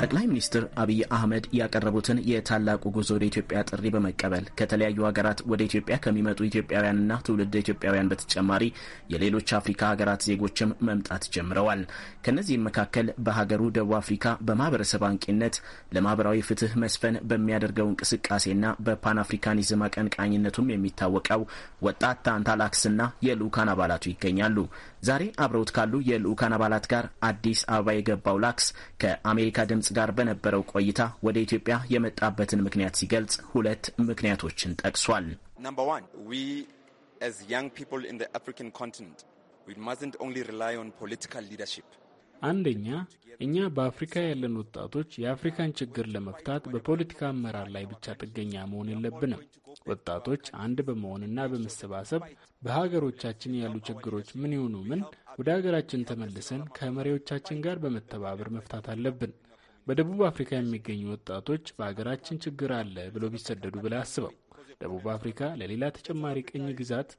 ጠቅላይ ሚኒስትር አብይ አህመድ ያቀረቡትን የታላቁ ጉዞ ወደ ኢትዮጵያ ጥሪ በመቀበል ከተለያዩ ሀገራት ወደ ኢትዮጵያ ከሚመጡ ኢትዮጵያውያንና ትውልደ ኢትዮጵያውያን በተጨማሪ የሌሎች አፍሪካ ሀገራት ዜጎችም መምጣት ጀምረዋል። ከእነዚህም መካከል በሀገሩ ደቡብ አፍሪካ በማህበረሰብ አንቂነት ለማህበራዊ ፍትህ መስፈን በሚያደርገው እንቅስቃሴና በፓን አፍሪካኒዝም አቀንቃኝነቱም የሚታወቀው ወጣት ታንታላክስና የልዑካን አባላቱ ይገኛሉ። ዛሬ አብረውት ካሉ የልዑካን አባላት ጋር አዲስ አበባ የገባው ላክስ ከአሜሪካ ድምጽ ድምፅ ጋር በነበረው ቆይታ ወደ ኢትዮጵያ የመጣበትን ምክንያት ሲገልጽ ሁለት ምክንያቶችን ጠቅሷል። አንደኛ እኛ በአፍሪካ ያለን ወጣቶች የአፍሪካን ችግር ለመፍታት በፖለቲካ አመራር ላይ ብቻ ጥገኛ መሆን የለብንም። ወጣቶች አንድ በመሆንና በመሰባሰብ በሀገሮቻችን ያሉ ችግሮች ምን ይሁኑ ምን ወደ ሀገራችን ተመልሰን ከመሪዎቻችን ጋር በመተባበር መፍታት አለብን። በደቡብ አፍሪካ የሚገኙ ወጣቶች በሀገራችን ችግር አለ ብለው ቢሰደዱ ብለህ አስበው። ደቡብ አፍሪካ ለሌላ ተጨማሪ ቅኝ ግዛት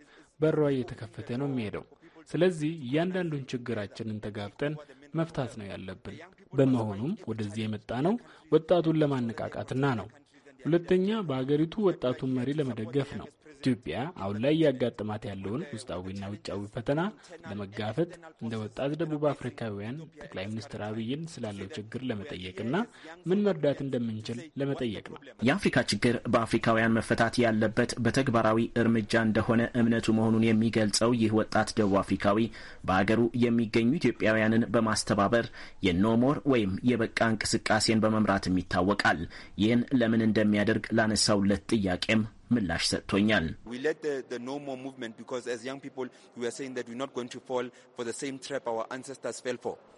በሯ እየተከፈተ ነው የሚሄደው። ስለዚህ እያንዳንዱን ችግራችንን ተጋፍጠን መፍታት ነው ያለብን። በመሆኑም ወደዚህ የመጣ ነው ወጣቱን ለማነቃቃትና ነው። ሁለተኛ በሀገሪቱ ወጣቱን መሪ ለመደገፍ ነው። ኢትዮጵያ አሁን ላይ እያጋጠማት ያለውን ውስጣዊና ውጫዊ ፈተና ለመጋፈጥ እንደ ወጣት ደቡብ አፍሪካውያን ጠቅላይ ሚኒስትር አብይን ስላለው ችግር ለመጠየቅና ምን መርዳት እንደምንችል ለመጠየቅ ነው። የአፍሪካ ችግር በአፍሪካውያን መፈታት ያለበት በተግባራዊ እርምጃ እንደሆነ እምነቱ መሆኑን የሚገልጸው ይህ ወጣት ደቡብ አፍሪካዊ በሀገሩ የሚገኙ ኢትዮጵያውያንን በማስተባበር የኖሞር ወይም የበቃ እንቅስቃሴን በመምራትም ይታወቃል። ይህን ለምን እንደሚያደርግ ላነሳውለት ጥያቄም ምላሽ ሰጥቶኛል።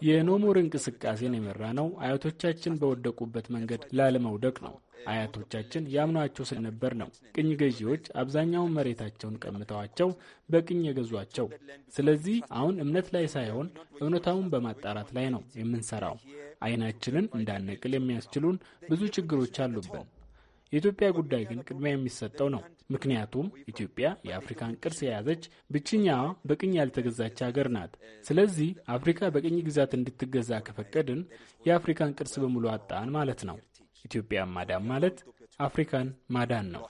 የኖሞር እንቅስቃሴን የመራ ነው አያቶቻችን በወደቁበት መንገድ ላለመውደቅ ነው። አያቶቻችን ያምኗቸው ስለነበር ነው። ቅኝ ገዢዎች አብዛኛውን መሬታቸውን ቀምተዋቸው በቅኝ የገዟቸው። ስለዚህ አሁን እምነት ላይ ሳይሆን እውነታውን በማጣራት ላይ ነው የምንሰራው። አይናችንን እንዳነቅል የሚያስችሉን ብዙ ችግሮች አሉብን። የኢትዮጵያ ጉዳይ ግን ቅድሚያ የሚሰጠው ነው። ምክንያቱም ኢትዮጵያ የአፍሪካን ቅርስ የያዘች ብቸኛዋ በቅኝ ያልተገዛች ሀገር ናት። ስለዚህ አፍሪካ በቅኝ ግዛት እንድትገዛ ከፈቀድን የአፍሪካን ቅርስ በሙሉ አጣን ማለት ነው። ኢትዮጵያን ማዳን ማለት አፍሪካን ማዳን ነው።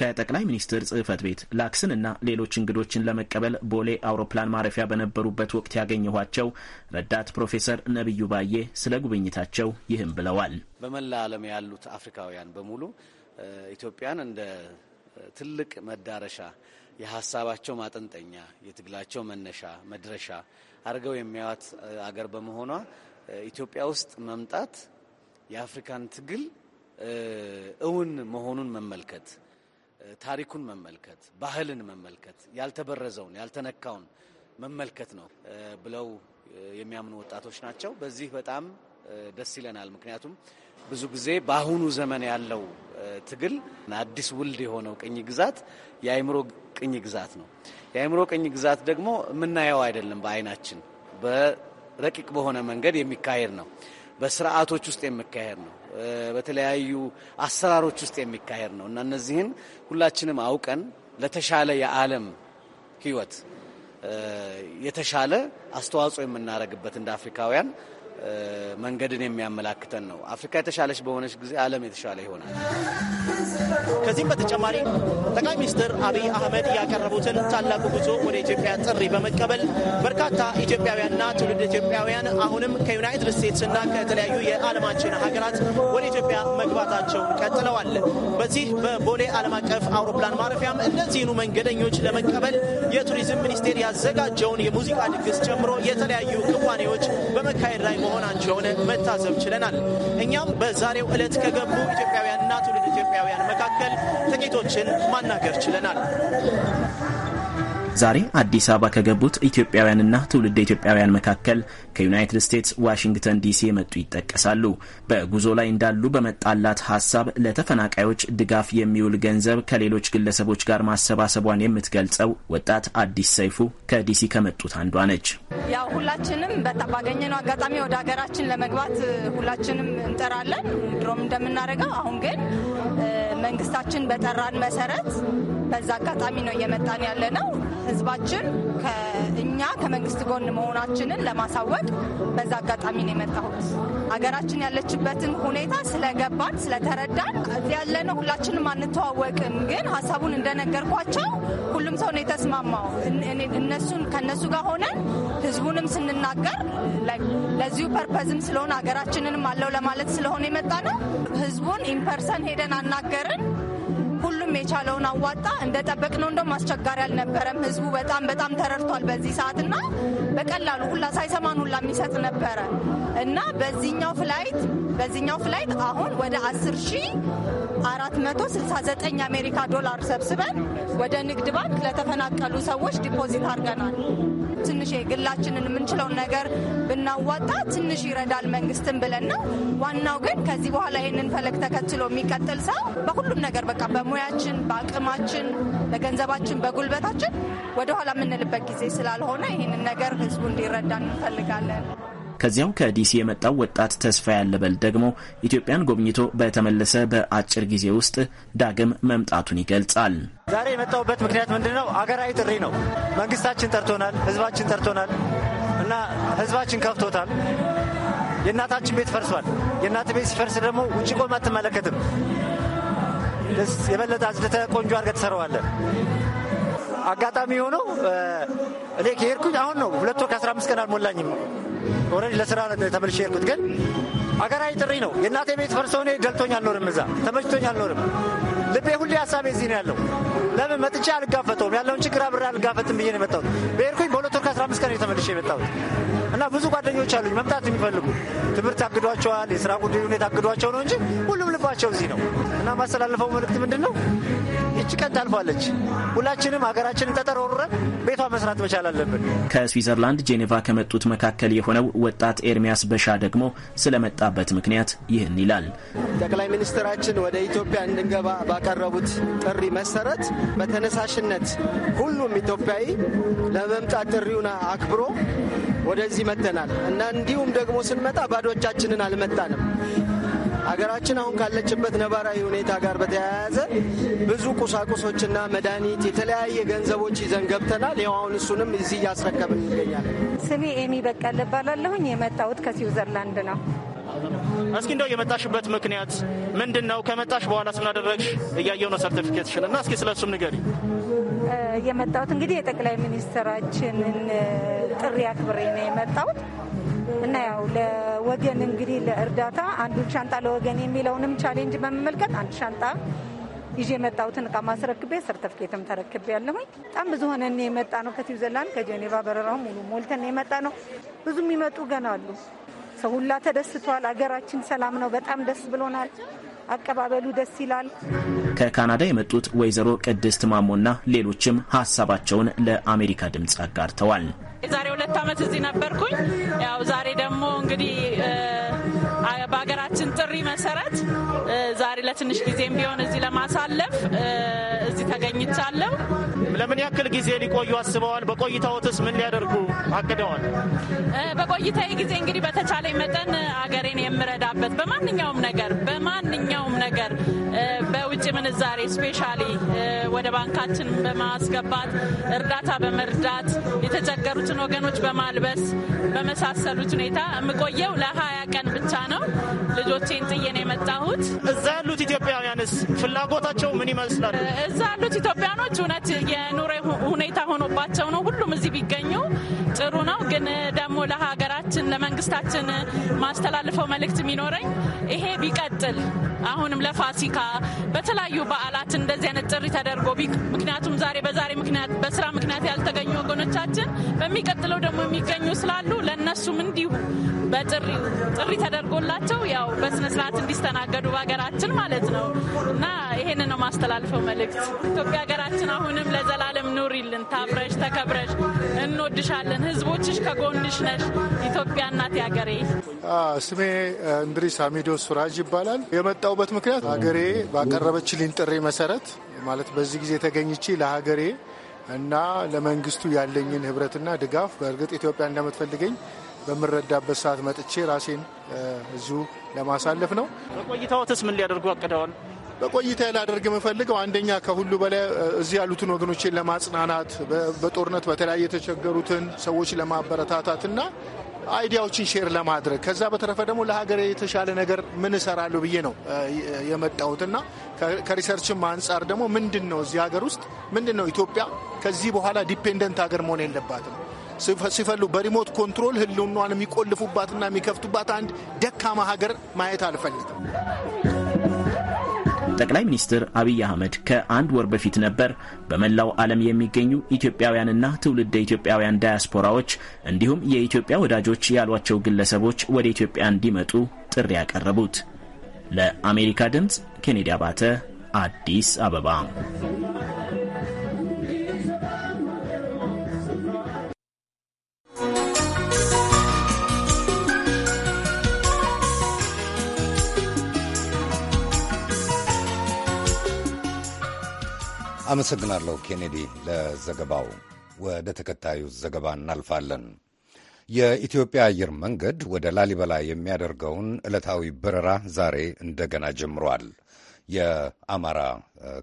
ከጠቅላይ ሚኒስትር ጽህፈት ቤት ላክስንና ሌሎች እንግዶችን ለመቀበል ቦሌ አውሮፕላን ማረፊያ በነበሩበት ወቅት ያገኘኋቸው ረዳት ፕሮፌሰር ነቢዩ ባዬ ስለ ጉብኝታቸው ይህም ብለዋል። በመላ ዓለም ያሉት አፍሪካውያን በሙሉ ኢትዮጵያን እንደ ትልቅ መዳረሻ የሀሳባቸው ማጠንጠኛ፣ የትግላቸው መነሻ መድረሻ አድርገው የሚያዋት አገር በመሆኗ ኢትዮጵያ ውስጥ መምጣት የአፍሪካን ትግል እውን መሆኑን መመልከት ታሪኩን መመልከት፣ ባህልን መመልከት፣ ያልተበረዘውን ያልተነካውን መመልከት ነው ብለው የሚያምኑ ወጣቶች ናቸው። በዚህ በጣም ደስ ይለናል። ምክንያቱም ብዙ ጊዜ በአሁኑ ዘመን ያለው ትግል አዲስ ውልድ የሆነው ቅኝ ግዛት የአእምሮ ቅኝ ግዛት ነው። የአይምሮ ቅኝ ግዛት ደግሞ የምናየው አይደለም፣ በአይናችን በረቂቅ በሆነ መንገድ የሚካሄድ ነው። በስርዓቶች ውስጥ የሚካሄድ ነው። በተለያዩ አሰራሮች ውስጥ የሚካሄድ ነው እና እነዚህን ሁላችንም አውቀን ለተሻለ የዓለም ህይወት የተሻለ አስተዋጽኦ የምናደርግበት እንደ አፍሪካውያን መንገድን የሚያመላክተን ነው። አፍሪካ የተሻለች በሆነች ጊዜ ዓለም የተሻለ ይሆናል። ከዚህም በተጨማሪ ጠቅላይ ሚኒስትር አብይ አህመድ ያቀረቡትን ታላቁ ጉዞ ወደ ኢትዮጵያ ጥሪ በመቀበል በርካታ ኢትዮጵያውያንና ትውልድ ኢትዮጵያውያን አሁንም ከዩናይትድ ስቴትስና ከተለያዩ የዓለማችን ሀገራት ወደ ኢትዮጵያ መግባታቸውን ቀጥለዋል። በዚህ በቦሌ ዓለም አቀፍ አውሮፕላን ማረፊያም እነዚህኑ መንገደኞች ለመቀበል የቱሪዝም ሚኒስቴር ያዘጋጀውን የሙዚቃ ድግስ ጨምሮ የተለያዩ ክዋኔዎች በመካሄድ ላይ መሆናቸው የሆነ መታዘብ ችለናል። እኛም በዛሬው ዕለት ከገቡ ኢትዮጵያውያንና ትውልድ ኢትዮጵያውያን መካከል ጥቂቶችን ማናገር ችለናል። ዛሬ አዲስ አበባ ከገቡት ኢትዮጵያውያንና ትውልደ ኢትዮጵያውያን መካከል ከዩናይትድ ስቴትስ ዋሽንግተን ዲሲ የመጡ ይጠቀሳሉ። በጉዞ ላይ እንዳሉ በመጣላት ሀሳብ ለተፈናቃዮች ድጋፍ የሚውል ገንዘብ ከሌሎች ግለሰቦች ጋር ማሰባሰቧን የምትገልጸው ወጣት አዲስ ሰይፉ ከዲሲ ከመጡት አንዷ ነች። ያው ሁላችንም ባገኘነው አጋጣሚ ወደ ሀገራችን ለመግባት ሁላችንም እንጠራለን፣ ድሮም እንደምናደርገው። አሁን ግን መንግስታችን በጠራን መሰረት በዛ አጋጣሚ ነው እየመጣን ያለ ነው። ህዝባችን እኛ ከመንግስት ጎን መሆናችንን ለማሳወቅ በዛ አጋጣሚ ነው የመጣሁት። አገራችን ያለችበትን ሁኔታ ስለገባን ስለተረዳን ያለነው ሁላችንም አንተዋወቅም፣ ግን ሀሳቡን እንደነገርኳቸው ሁሉም ሰው ነው የተስማማው። እነሱን ከነሱ ጋር ሆነን ህዝቡንም ስንናገር ለዚሁ ፐርፐዝም ስለሆነ ሀገራችንንም አለው ለማለት ስለሆነ የመጣ ነው። ህዝቡን ኢንፐርሰን ሄደን አናገርን። ሁሉም የቻለውን አዋጣ። እንደጠበቅነው እንደውም አስቸጋሪ አልነበረም። ህዝቡ በጣም በጣም ተረድቷል በዚህ ሰዓት እና በቀላሉ ሁላ ሳይሰማን ሁላ የሚሰጥ ነበረ እና በዚህኛው ፍላይት በዚህኛው ፍላይት አሁን ወደ 10469 አሜሪካ ዶላር ሰብስበን ወደ ንግድ ባንክ ለተፈናቀሉ ሰዎች ዲፖዚት አድርገናል። ትንሽ ግላችንን የምንችለውን ነገር ብናዋጣ ትንሽ ይረዳል መንግስትን ብለን ነው። ዋናው ግን ከዚህ በኋላ ይህንን ፈለግ ተከትሎ የሚቀጥል ሰው በሁሉም ነገር በቃ በሙያችን፣ በአቅማችን፣ በገንዘባችን፣ በጉልበታችን ወደኋላ የምንልበት ጊዜ ስላልሆነ ይህንን ነገር ህዝቡ እንዲረዳ እንፈልጋለን። ከዚያው ከዲሲ የመጣው ወጣት ተስፋ ያለበል ደግሞ ኢትዮጵያን ጎብኝቶ በተመለሰ በአጭር ጊዜ ውስጥ ዳግም መምጣቱን ይገልጻል። ዛሬ የመጣሁበት ምክንያት ምንድን ነው? አገራዊ ጥሪ ነው። መንግስታችን ጠርቶናል፣ ህዝባችን ጠርቶናል እና ህዝባችን ከፍቶታል። የእናታችን ቤት ፈርሷል። የእናት ቤት ሲፈርስ ደግሞ ውጭ ቆም አትመለከትም። የበለጠ አዝድተ ቆንጆ አድርገህ ትሰራዋለህ። አጋጣሚ የሆነው እኔ ከሄድኩኝ አሁን ነው። ሁለት ወር ከአስራ አምስት ቀን አልሞላኝም። ኦልሬዲ ለስራ ተመልሼ የሄድኩት ግን አገራዊ ጥሪ ነው። የእናቴ ቤት ፈርሶ እኔ ደልቶኝ አልኖርም፣ እዛ ተመችቶኝ አልኖርም። ልቤ ሁሌ ሀሳቤ እዚህ ነው ያለው። ለምን መጥቼ አልጋፈጠውም? ያለውን ችግር አብሬ አልጋፈጥም ብዬ ነው የመጣሁት። በሄድኩኝ በሁለት ወር ከ15 ቀን ተመልሼ የመጣሁት እና ብዙ ጓደኞች አሉኝ መምጣት የሚፈልጉ ትምህርት አግዷቸዋል፣ የስራ ጉዳይ ሁኔታ አግዷቸው ነው እንጂ ሁሉም ልባቸው እዚህ ነው እና ማስተላለፈው መልእክት ምንድን ነው ይቺ ቀን ታልፏለች። ሁላችንም ሀገራችንን ጠጠር ቤቷ መስራት መቻል አለብን። ከስዊዘርላንድ ጄኔቫ ከመጡት መካከል የሆነው ወጣት ኤርሚያስ በሻ ደግሞ ስለመጣበት ምክንያት ይህን ይላል። ጠቅላይ ሚኒስትራችን ወደ ኢትዮጵያ እንድንገባ ባቀረቡት ጥሪ መሰረት በተነሳሽነት ሁሉም ኢትዮጵያዊ ለመምጣት ጥሪውን አክብሮ ወደዚህ መጥተናል እና እንዲሁም ደግሞ ስንመጣ ባዶቻችንን አልመጣንም። ሀገራችን አሁን ካለችበት ነባራዊ ሁኔታ ጋር በተያያዘ ብዙ ቁሳቁሶችና መድኃኒት፣ የተለያየ ገንዘቦች ይዘን ገብተናል። ያው አሁን እሱንም እዚህ እያስረከብን እንገኛለን። ስሜ ኤሚ በቀል እባላለሁኝ። የመጣሁት ከስዊዘርላንድ ነው። እስኪ እንደው የመጣሽበት ምክንያት ምንድን ነው? ከመጣሽ በኋላ ስናደረግሽ እያየው ነው ሰርቲፊኬትሽን እና እስኪ ስለ እሱም ንገሪ። የመጣሁት እንግዲህ የጠቅላይ ሚኒስትራችንን ጥሪ አክብሬ ነው የመጣሁት እና ያው ለወገን እንግዲህ ለእርዳታ አንዱን ሻንጣ ለወገን የሚለውንም ቻሌንጅ በመመልከት አንድ ሻንጣ ይዤ የመጣሁትን እቃ ማስረክቤ ሰርተፍኬትም ተረክቤ ያለሁኝ። በጣም ብዙ ሆነን የመጣ ነው። ከስዊዘርላንድ ከጀኔቫ በረራው ሙሉ ሞልተን የመጣ ነው። ብዙ የሚመጡ ገና አሉ። ሰው ሁላ ተደስቷል። አገራችን ሰላም ነው። በጣም ደስ ብሎናል። አቀባበሉ ደስ ይላል። ከካናዳ የመጡት ወይዘሮ ቅድስት ማሞና ሌሎችም ሀሳባቸውን ለአሜሪካ ድምፅ አጋርተዋል። የዛሬ ሁለት ዓመት እዚህ ነበርኩኝ። ያው ዛሬ ደግሞ እንግዲህ ጥሪ መሰረት ዛሬ ለትንሽ ጊዜም ቢሆን እዚህ ለማሳለፍ እዚህ ተገኝቻለሁ። ለምን ያክል ጊዜ ሊቆዩ አስበዋል? በቆይታዎትስ ምን ሊያደርጉ አቅደዋል? በቆይታዬ ጊዜ እንግዲህ በተቻለ መጠን አገሬን የምረዳበት በማንኛውም ነገር በማንኛውም ነገር በውጭ ምንዛሬ ስፔሻሊ ወደ ባንካችን በማስገባት እርዳታ በመርዳት የተቸገሩትን ወገኖች በማልበስ በመሳሰሉት ሁኔታ የምቆየው ለሀያ ቀን ብቻ ነው። ልጆቼ ፕሮጀክት ጥዬ ነው የመጣሁት። እዛ ያሉት ኢትዮጵያውያንስ ፍላጎታቸው ምን ይመስላል? እዛ ያሉት ኢትዮጵያኖች እውነት የኑሮ ሁኔታ ሆኖባቸው ነው ሁሉም እዚህ ቢገኙ ጥሩ ነው። ግን ደግሞ ለሀገራችን ለመንግስታችን ማስተላልፈው መልእክት የሚኖረኝ ይሄ ቢቀጥል አሁንም ለፋሲካ በተለያዩ በዓላት እንደዚህ አይነት ጥሪ ተደርጎ ምክንያቱም ዛሬ በዛሬ ምክንያት በስራ ምክንያት ያልተገኙ ወገኖቻችን በሚቀጥለው ደግሞ የሚገኙ ስላሉ ለእነሱም እንዲሁ በጥሪ ጥሪ ተደርጎላቸው ያው በስነ በስርዓት እንዲስተናገዱ በሀገራችን ማለት ነው እና ይሄንን ነው ማስተላልፈው መልእክት። ኢትዮጵያ ሀገራችን አሁንም ለዘላለም ኑሪልን፣ ታብረሽ ተከብረሽ፣ እንወድሻለን፣ ህዝቦችሽ ከጎንሽ ነሽ። ኢትዮጵያ እናት ሀገሬ። ስሜ እንድሪስ አሚዶ ሱራጅ ይባላል። የመጣውበት ምክንያት ሀገሬ ባቀረበችልኝ ጥሪ መሰረት ማለት በዚህ ጊዜ ተገኝቼ ለሀገሬ እና ለመንግስቱ ያለኝን ህብረትና ድጋፍ በእርግጥ ኢትዮጵያ እንደምትፈልገኝ በምረዳበት ሰዓት መጥቼ ራሴን እዚሁ ለማሳለፍ ነው። በቆይታዎትስ ምን ሊያደርጉ አቅደዋል? በቆይታ ላደርግ የምፈልገው አንደኛ ከሁሉ በላይ እዚህ ያሉትን ወገኖችን ለማጽናናት በጦርነት በተለያየ የተቸገሩትን ሰዎች ለማበረታታትና አይዲያዎችን ሼር ለማድረግ ከዛ በተረፈ ደግሞ ለሀገር የተሻለ ነገር ምን እሰራለሁ ብዬ ነው የመጣሁትና ከሪሰርችም አንጻር ደግሞ ምንድን ነው እዚህ ሀገር ውስጥ ምንድን ነው ኢትዮጵያ ከዚህ በኋላ ዲፔንደንት ሀገር መሆን የለባትም ሲፈልጉ በሪሞት ኮንትሮል ህልውናዋን የሚቆልፉባትና የሚከፍቱባት አንድ ደካማ ሀገር ማየት አልፈልግም። ጠቅላይ ሚኒስትር አብይ አህመድ ከአንድ ወር በፊት ነበር በመላው ዓለም የሚገኙ ኢትዮጵያውያንና ትውልደ ኢትዮጵያውያን ዳያስፖራዎች እንዲሁም የኢትዮጵያ ወዳጆች ያሏቸው ግለሰቦች ወደ ኢትዮጵያ እንዲመጡ ጥሪ ያቀረቡት። ለአሜሪካ ድምፅ ኬኔዲ አባተ አዲስ አበባ አመሰግናለሁ ኬኔዲ ለዘገባው። ወደ ተከታዩ ዘገባ እናልፋለን። የኢትዮጵያ አየር መንገድ ወደ ላሊበላ የሚያደርገውን ዕለታዊ በረራ ዛሬ እንደገና ጀምሯል። የአማራ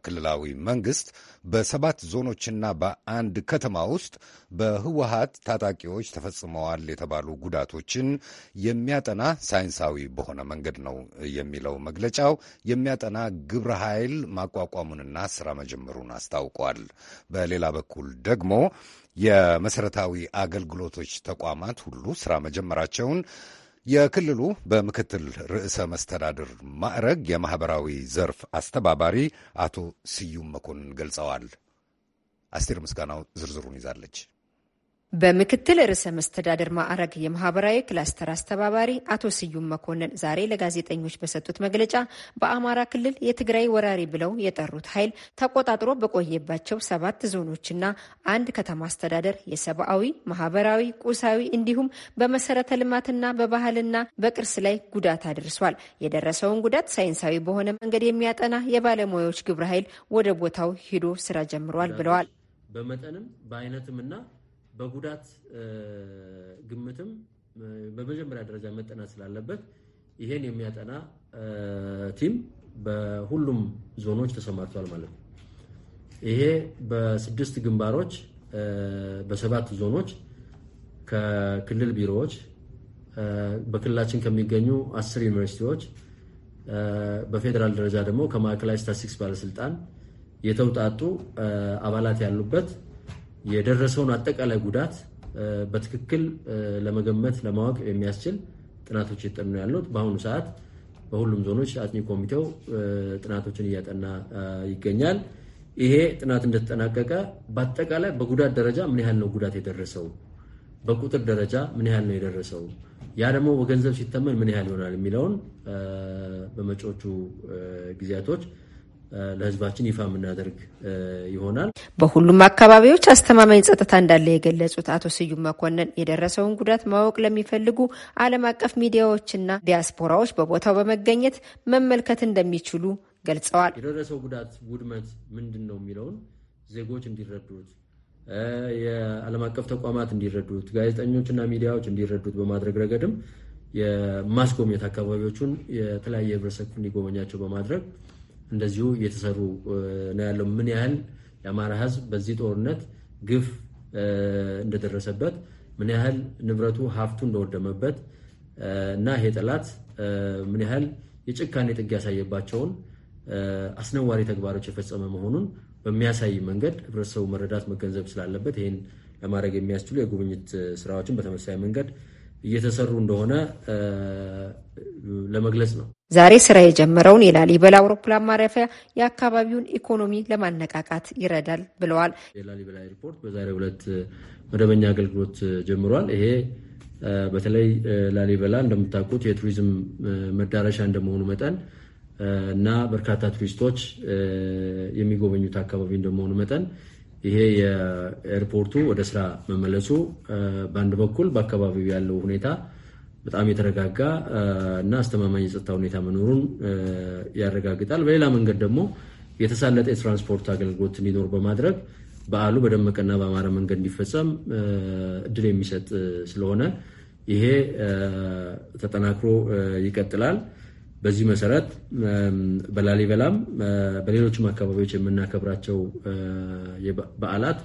ክልላዊ መንግሥት በሰባት ዞኖችና በአንድ ከተማ ውስጥ በህወሀት ታጣቂዎች ተፈጽመዋል የተባሉ ጉዳቶችን የሚያጠና ሳይንሳዊ በሆነ መንገድ ነው የሚለው መግለጫው የሚያጠና ግብረ ኃይል ማቋቋሙንና ስራ መጀመሩን አስታውቋል። በሌላ በኩል ደግሞ የመሰረታዊ አገልግሎቶች ተቋማት ሁሉ ስራ መጀመራቸውን የክልሉ በምክትል ርዕሰ መስተዳድር ማዕረግ የማኅበራዊ ዘርፍ አስተባባሪ አቶ ስዩም መኮንን ገልጸዋል። አስቴር ምስጋናው ዝርዝሩን ይዛለች። በምክትል ርዕሰ መስተዳደር ማዕረግ የማህበራዊ ክላስተር አስተባባሪ አቶ ስዩም መኮንን ዛሬ ለጋዜጠኞች በሰጡት መግለጫ በአማራ ክልል የትግራይ ወራሪ ብለው የጠሩት ኃይል ተቆጣጥሮ በቆየባቸው ሰባት ዞኖችና አንድ ከተማ አስተዳደር የሰብአዊ፣ ማህበራዊ፣ ቁሳዊ እንዲሁም በመሰረተ ልማትና በባህልና በቅርስ ላይ ጉዳት አድርሷል። የደረሰውን ጉዳት ሳይንሳዊ በሆነ መንገድ የሚያጠና የባለሙያዎች ግብረ ኃይል ወደ ቦታው ሂዶ ስራ ጀምሯል ብለዋል። በመጠንም በአይነትም እና በጉዳት ግምትም በመጀመሪያ ደረጃ መጠናት ስላለበት ይሄን የሚያጠና ቲም በሁሉም ዞኖች ተሰማርቷል ማለት ነው። ይሄ በስድስት ግንባሮች በሰባት ዞኖች ከክልል ቢሮዎች በክልላችን ከሚገኙ አስር ዩኒቨርሲቲዎች በፌዴራል ደረጃ ደግሞ ከማዕከላዊ ስታትስቲክስ ባለስልጣን የተውጣጡ አባላት ያሉበት የደረሰውን አጠቃላይ ጉዳት በትክክል ለመገመት ለማወቅ የሚያስችል ጥናቶች እየጠኑ ያሉት በአሁኑ ሰዓት በሁሉም ዞኖች አጥኚ ኮሚቴው ጥናቶችን እያጠና ይገኛል። ይሄ ጥናት እንደተጠናቀቀ በአጠቃላይ በጉዳት ደረጃ ምን ያህል ነው ጉዳት የደረሰው፣ በቁጥር ደረጃ ምን ያህል ነው የደረሰው፣ ያ ደግሞ በገንዘብ ሲተመን ምን ያህል ይሆናል የሚለውን በመጪዎቹ ጊዜያቶች ለህዝባችን ይፋ የምናደርግ ይሆናል። በሁሉም አካባቢዎች አስተማማኝ ጸጥታ እንዳለ የገለጹት አቶ ስዩም መኮንን የደረሰውን ጉዳት ማወቅ ለሚፈልጉ ዓለም አቀፍ ሚዲያዎችና ዲያስፖራዎች በቦታው በመገኘት መመልከት እንደሚችሉ ገልጸዋል። የደረሰው ጉዳት ውድመት ምንድን ነው የሚለውን ዜጎች እንዲረዱት የዓለም አቀፍ ተቋማት እንዲረዱት፣ ጋዜጠኞችና ሚዲያዎች እንዲረዱት በማድረግ ረገድም የማስጎብኘት አካባቢዎቹን የተለያየ ህብረተሰብ እንዲጎበኛቸው በማድረግ እንደዚሁ እየተሰሩ ነው ያለው። ምን ያህል የአማራ ህዝብ በዚህ ጦርነት ግፍ እንደደረሰበት፣ ምን ያህል ንብረቱ ሀብቱ እንደወደመበት እና ይሄ ጠላት ምን ያህል የጭካኔ ጥግ ያሳየባቸውን አስነዋሪ ተግባሮች የፈጸመ መሆኑን በሚያሳይ መንገድ ህብረተሰቡ መረዳት መገንዘብ ስላለበት ይህን ለማድረግ የሚያስችሉ የጉብኝት ስራዎችን በተመሳሳይ መንገድ እየተሰሩ እንደሆነ ለመግለጽ ነው። ዛሬ ስራ የጀመረውን የላሊበላ አውሮፕላን ማረፊያ የአካባቢውን ኢኮኖሚ ለማነቃቃት ይረዳል ብለዋል። የላሊበላ ኤርፖርት በዛሬው ዕለት መደበኛ አገልግሎት ጀምሯል። ይሄ በተለይ ላሊበላ እንደምታውቁት የቱሪዝም መዳረሻ እንደመሆኑ መጠን እና በርካታ ቱሪስቶች የሚጎበኙት አካባቢ እንደመሆኑ መጠን ይሄ የኤርፖርቱ ወደ ስራ መመለሱ በአንድ በኩል በአካባቢው ያለው ሁኔታ በጣም የተረጋጋ እና አስተማማኝ የጸጥታ ሁኔታ መኖሩን ያረጋግጣል። በሌላ መንገድ ደግሞ የተሳለጠ የትራንስፖርት አገልግሎት እንዲኖር በማድረግ በዓሉ በደመቀና በአማረ መንገድ እንዲፈጸም እድል የሚሰጥ ስለሆነ ይሄ ተጠናክሮ ይቀጥላል። በዚህ መሰረት በላሊበላም በሌሎችም አካባቢዎች የምናከብራቸው በዓላት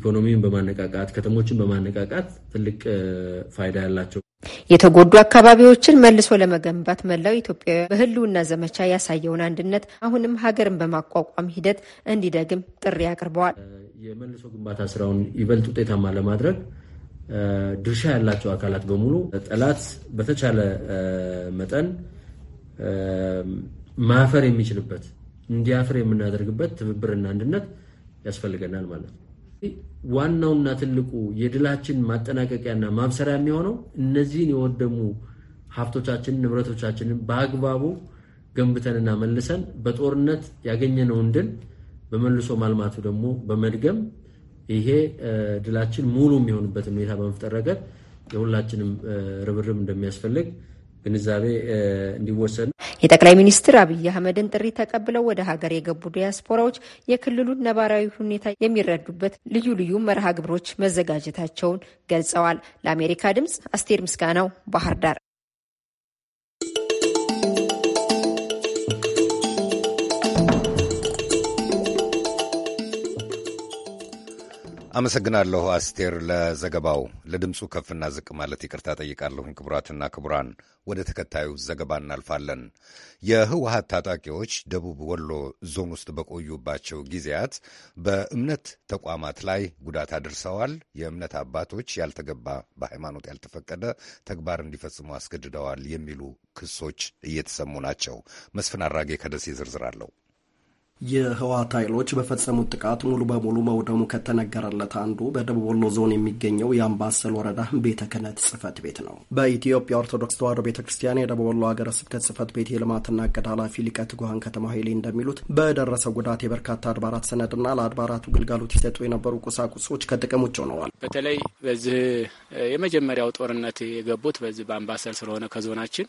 ኢኮኖሚን በማነቃቃት ከተሞችን በማነቃቃት ትልቅ ፋይዳ ያላቸው የተጎዱ አካባቢዎችን መልሶ ለመገንባት መላው ኢትዮጵያዊ በህልውና ዘመቻ ያሳየውን አንድነት አሁንም ሀገርን በማቋቋም ሂደት እንዲደግም ጥሪ አቅርበዋል። የመልሶ ግንባታ ስራውን ይበልጥ ውጤታማ ለማድረግ ድርሻ ያላቸው አካላት በሙሉ ጠላት በተቻለ መጠን ማፈር የሚችልበት እንዲያፍር የምናደርግበት ትብብርና አንድነት ያስፈልገናል ማለት ነው። ዋናውና ትልቁ የድላችን ማጠናቀቂያና ማብሰሪያ የሚሆነው እነዚህን የወደሙ ሀብቶቻችንን፣ ንብረቶቻችንን በአግባቡ ገንብተንና መልሰን በጦርነት ያገኘነውን ድል በመልሶ ማልማቱ ደግሞ በመድገም ይሄ ድላችን ሙሉ የሚሆንበትን ሁኔታ በመፍጠር ረገድ የሁላችንም ርብርብ እንደሚያስፈልግ ግንዛቤ እንዲወሰድ የጠቅላይ ሚኒስትር አብይ አህመድን ጥሪ ተቀብለው ወደ ሀገር የገቡ ዲያስፖራዎች የክልሉን ነባራዊ ሁኔታ የሚረዱበት ልዩ ልዩ መርሃ ግብሮች መዘጋጀታቸውን ገልጸዋል። ለአሜሪካ ድምጽ አስቴር ምስጋናው ባህር ዳር። አመሰግናለሁ አስቴር ለዘገባው። ለድምፁ ከፍና ዝቅ ማለት ይቅርታ ጠይቃለሁኝ። ክቡራትና ክቡራን፣ ወደ ተከታዩ ዘገባ እናልፋለን። የህወሀት ታጣቂዎች ደቡብ ወሎ ዞን ውስጥ በቆዩባቸው ጊዜያት በእምነት ተቋማት ላይ ጉዳት አድርሰዋል። የእምነት አባቶች ያልተገባ በሃይማኖት ያልተፈቀደ ተግባር እንዲፈጽሙ አስገድደዋል የሚሉ ክሶች እየተሰሙ ናቸው። መስፍን አራጌ ከደሴ ዝርዝር አለው። የህወሓት ኃይሎች በፈጸሙት ጥቃት ሙሉ በሙሉ መውደሙ ከተነገረለት አንዱ በደቡብ ወሎ ዞን የሚገኘው የአምባሰል ወረዳ ቤተ ክህነት ጽህፈት ቤት ነው። በኢትዮጵያ ኦርቶዶክስ ተዋሕዶ ቤተ ክርስቲያን የደቡብ ወሎ ሀገረ ስብከት ጽህፈት ቤት የልማትና እቅድ ኃላፊ ሊቀ ትጉሃን ከተማ ኃይሌ እንደሚሉት በደረሰው ጉዳት የበርካታ አድባራት ሰነድና ለአድባራቱ ግልጋሎት ይሰጡ የነበሩ ቁሳቁሶች ከጥቅም ውጭ ሆነዋል። በተለይ በዚህ የመጀመሪያው ጦርነት የገቡት በዚህ በአምባሰል ስለሆነ ከዞናችን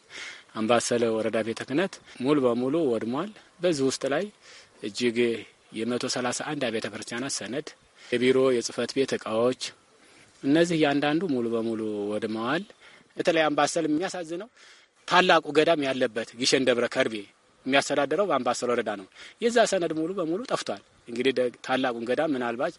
አምባሰል ወረዳ ቤተ ክህነት ሙሉ በሙሉ ወድሟል። በዚህ ውስጥ ላይ እጅግ የመቶ ሰላሳ አንድ አብያተ ክርስቲያናት ሰነድ፣ የቢሮ የጽህፈት ቤት እቃዎች እነዚህ እያንዳንዱ ሙሉ በሙሉ ወድመዋል። በተለይ አምባሰል የሚያሳዝነው ታላቁ ገዳም ያለበት ግሸን ደብረ ከርቤ የሚያስተዳድረው በአምባሰል ወረዳ ነው። የዛ ሰነድ ሙሉ በሙሉ ጠፍቷል። እንግዲህ ታላቁን ገዳም ምናልባት